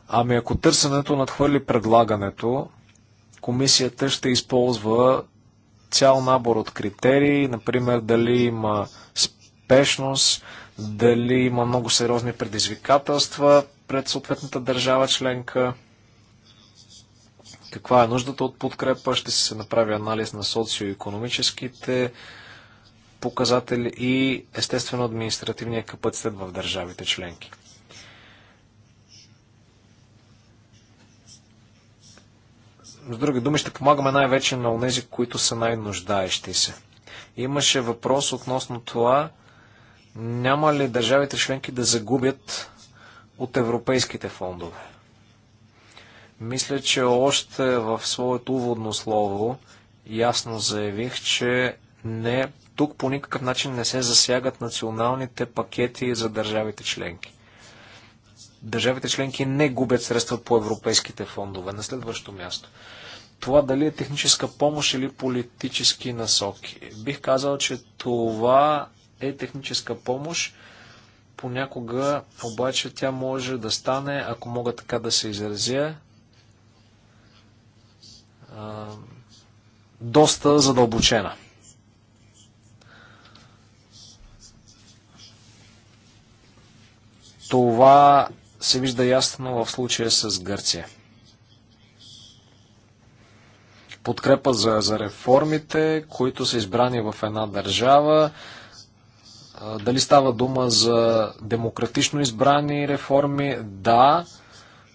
Ами ако търсенето надхвърли предлагането, комисията ще използва цял набор от критерии, например дали има спешност, дали има много сериозни предизвикателства пред съответната държава членка каква е нуждата от подкрепа, ще се направи анализ на социо-економическите показатели и естествено административния капацитет в държавите членки. С други думи, ще помагаме най-вече на онези, които са най-нуждаещи се. Имаше въпрос относно това, няма ли държавите членки да загубят от европейските фондове? Мисля, че още в своето уводно слово ясно заявих, че не, тук по никакъв начин не се засягат националните пакети за държавите членки. Държавите членки не губят средства по европейските фондове. На следващо място. Това дали е техническа помощ или политически насоки. Бих казал, че това е техническа помощ. Понякога обаче тя може да стане, ако мога така да се изразя, доста задълбочена. Това се вижда ясно в случая с Гърция. Подкрепа за, за реформите, които са избрани в една държава, дали става дума за демократично избрани реформи? Да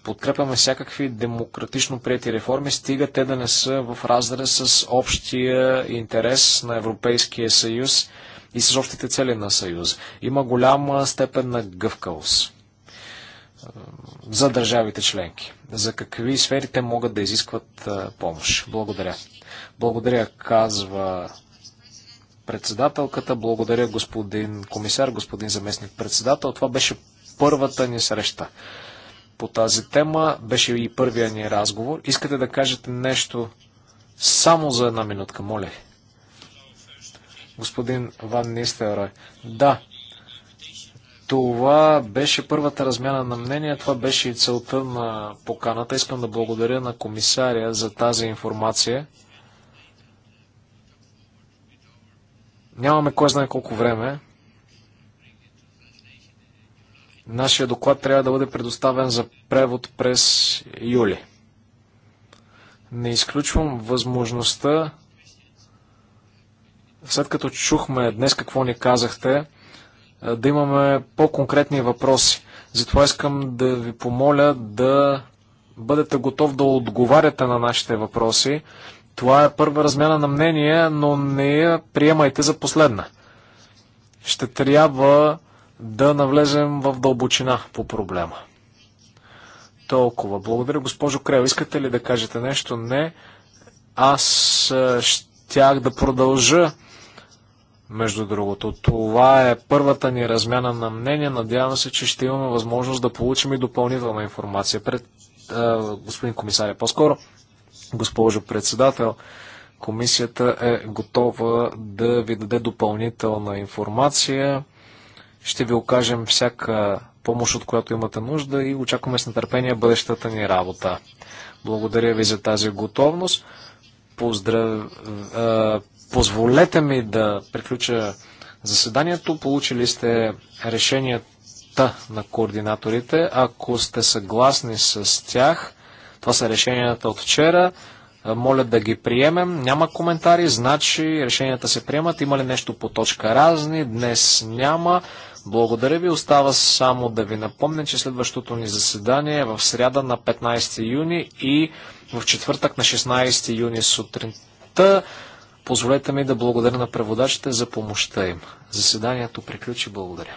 подкрепяме всякакви демократично прияти реформи, стига те да не са в разрез с общия интерес на Европейския съюз и с общите цели на съюз. Има голяма степен на гъвкавост за държавите членки. За какви сфери те могат да изискват помощ. Благодаря. Благодаря, казва председателката. Благодаря, господин комисар, господин заместник председател. Това беше първата ни среща по тази тема. Беше и първия ни разговор. Искате да кажете нещо само за една минутка, моля. Господин Ван Нистер, да, това беше първата размяна на мнения, това беше и целта на поканата. Искам да благодаря на комисаря за тази информация. Нямаме кой знае колко време. Нашия доклад трябва да бъде предоставен за превод през юли. Не изключвам възможността, след като чухме днес какво ни казахте, да имаме по-конкретни въпроси. Затова искам да ви помоля да бъдете готов да отговаряте на нашите въпроси. Това е първа размяна на мнение, но не я приемайте за последна. Ще трябва да навлезем в дълбочина по проблема. Толкова. Благодаря, госпожо Крел. Искате ли да кажете нещо? Не. Аз е, щях да продължа. Между другото, това е първата ни размяна на мнение. Надявам се, че ще имаме възможност да получим и допълнителна информация пред а, е, господин комисаря. По-скоро, госпожо председател, комисията е готова да ви даде допълнителна информация. Ще ви окажем всяка помощ, от която имате нужда и очакваме с нетърпение бъдещата ни работа. Благодаря ви за тази готовност. Поздрав... Позволете ми да приключа заседанието. Получили сте решенията на координаторите. Ако сте съгласни с тях, това са решенията от вчера. Моля да ги приемем. Няма коментари, значи решенията се приемат. Има ли нещо по точка разни? Днес няма. Благодаря ви. Остава само да ви напомня, че следващото ни заседание е в сряда на 15 юни и в четвъртък на 16 юни сутринта. Позволете ми да благодаря на преводачите за помощта им. Заседанието приключи. Благодаря.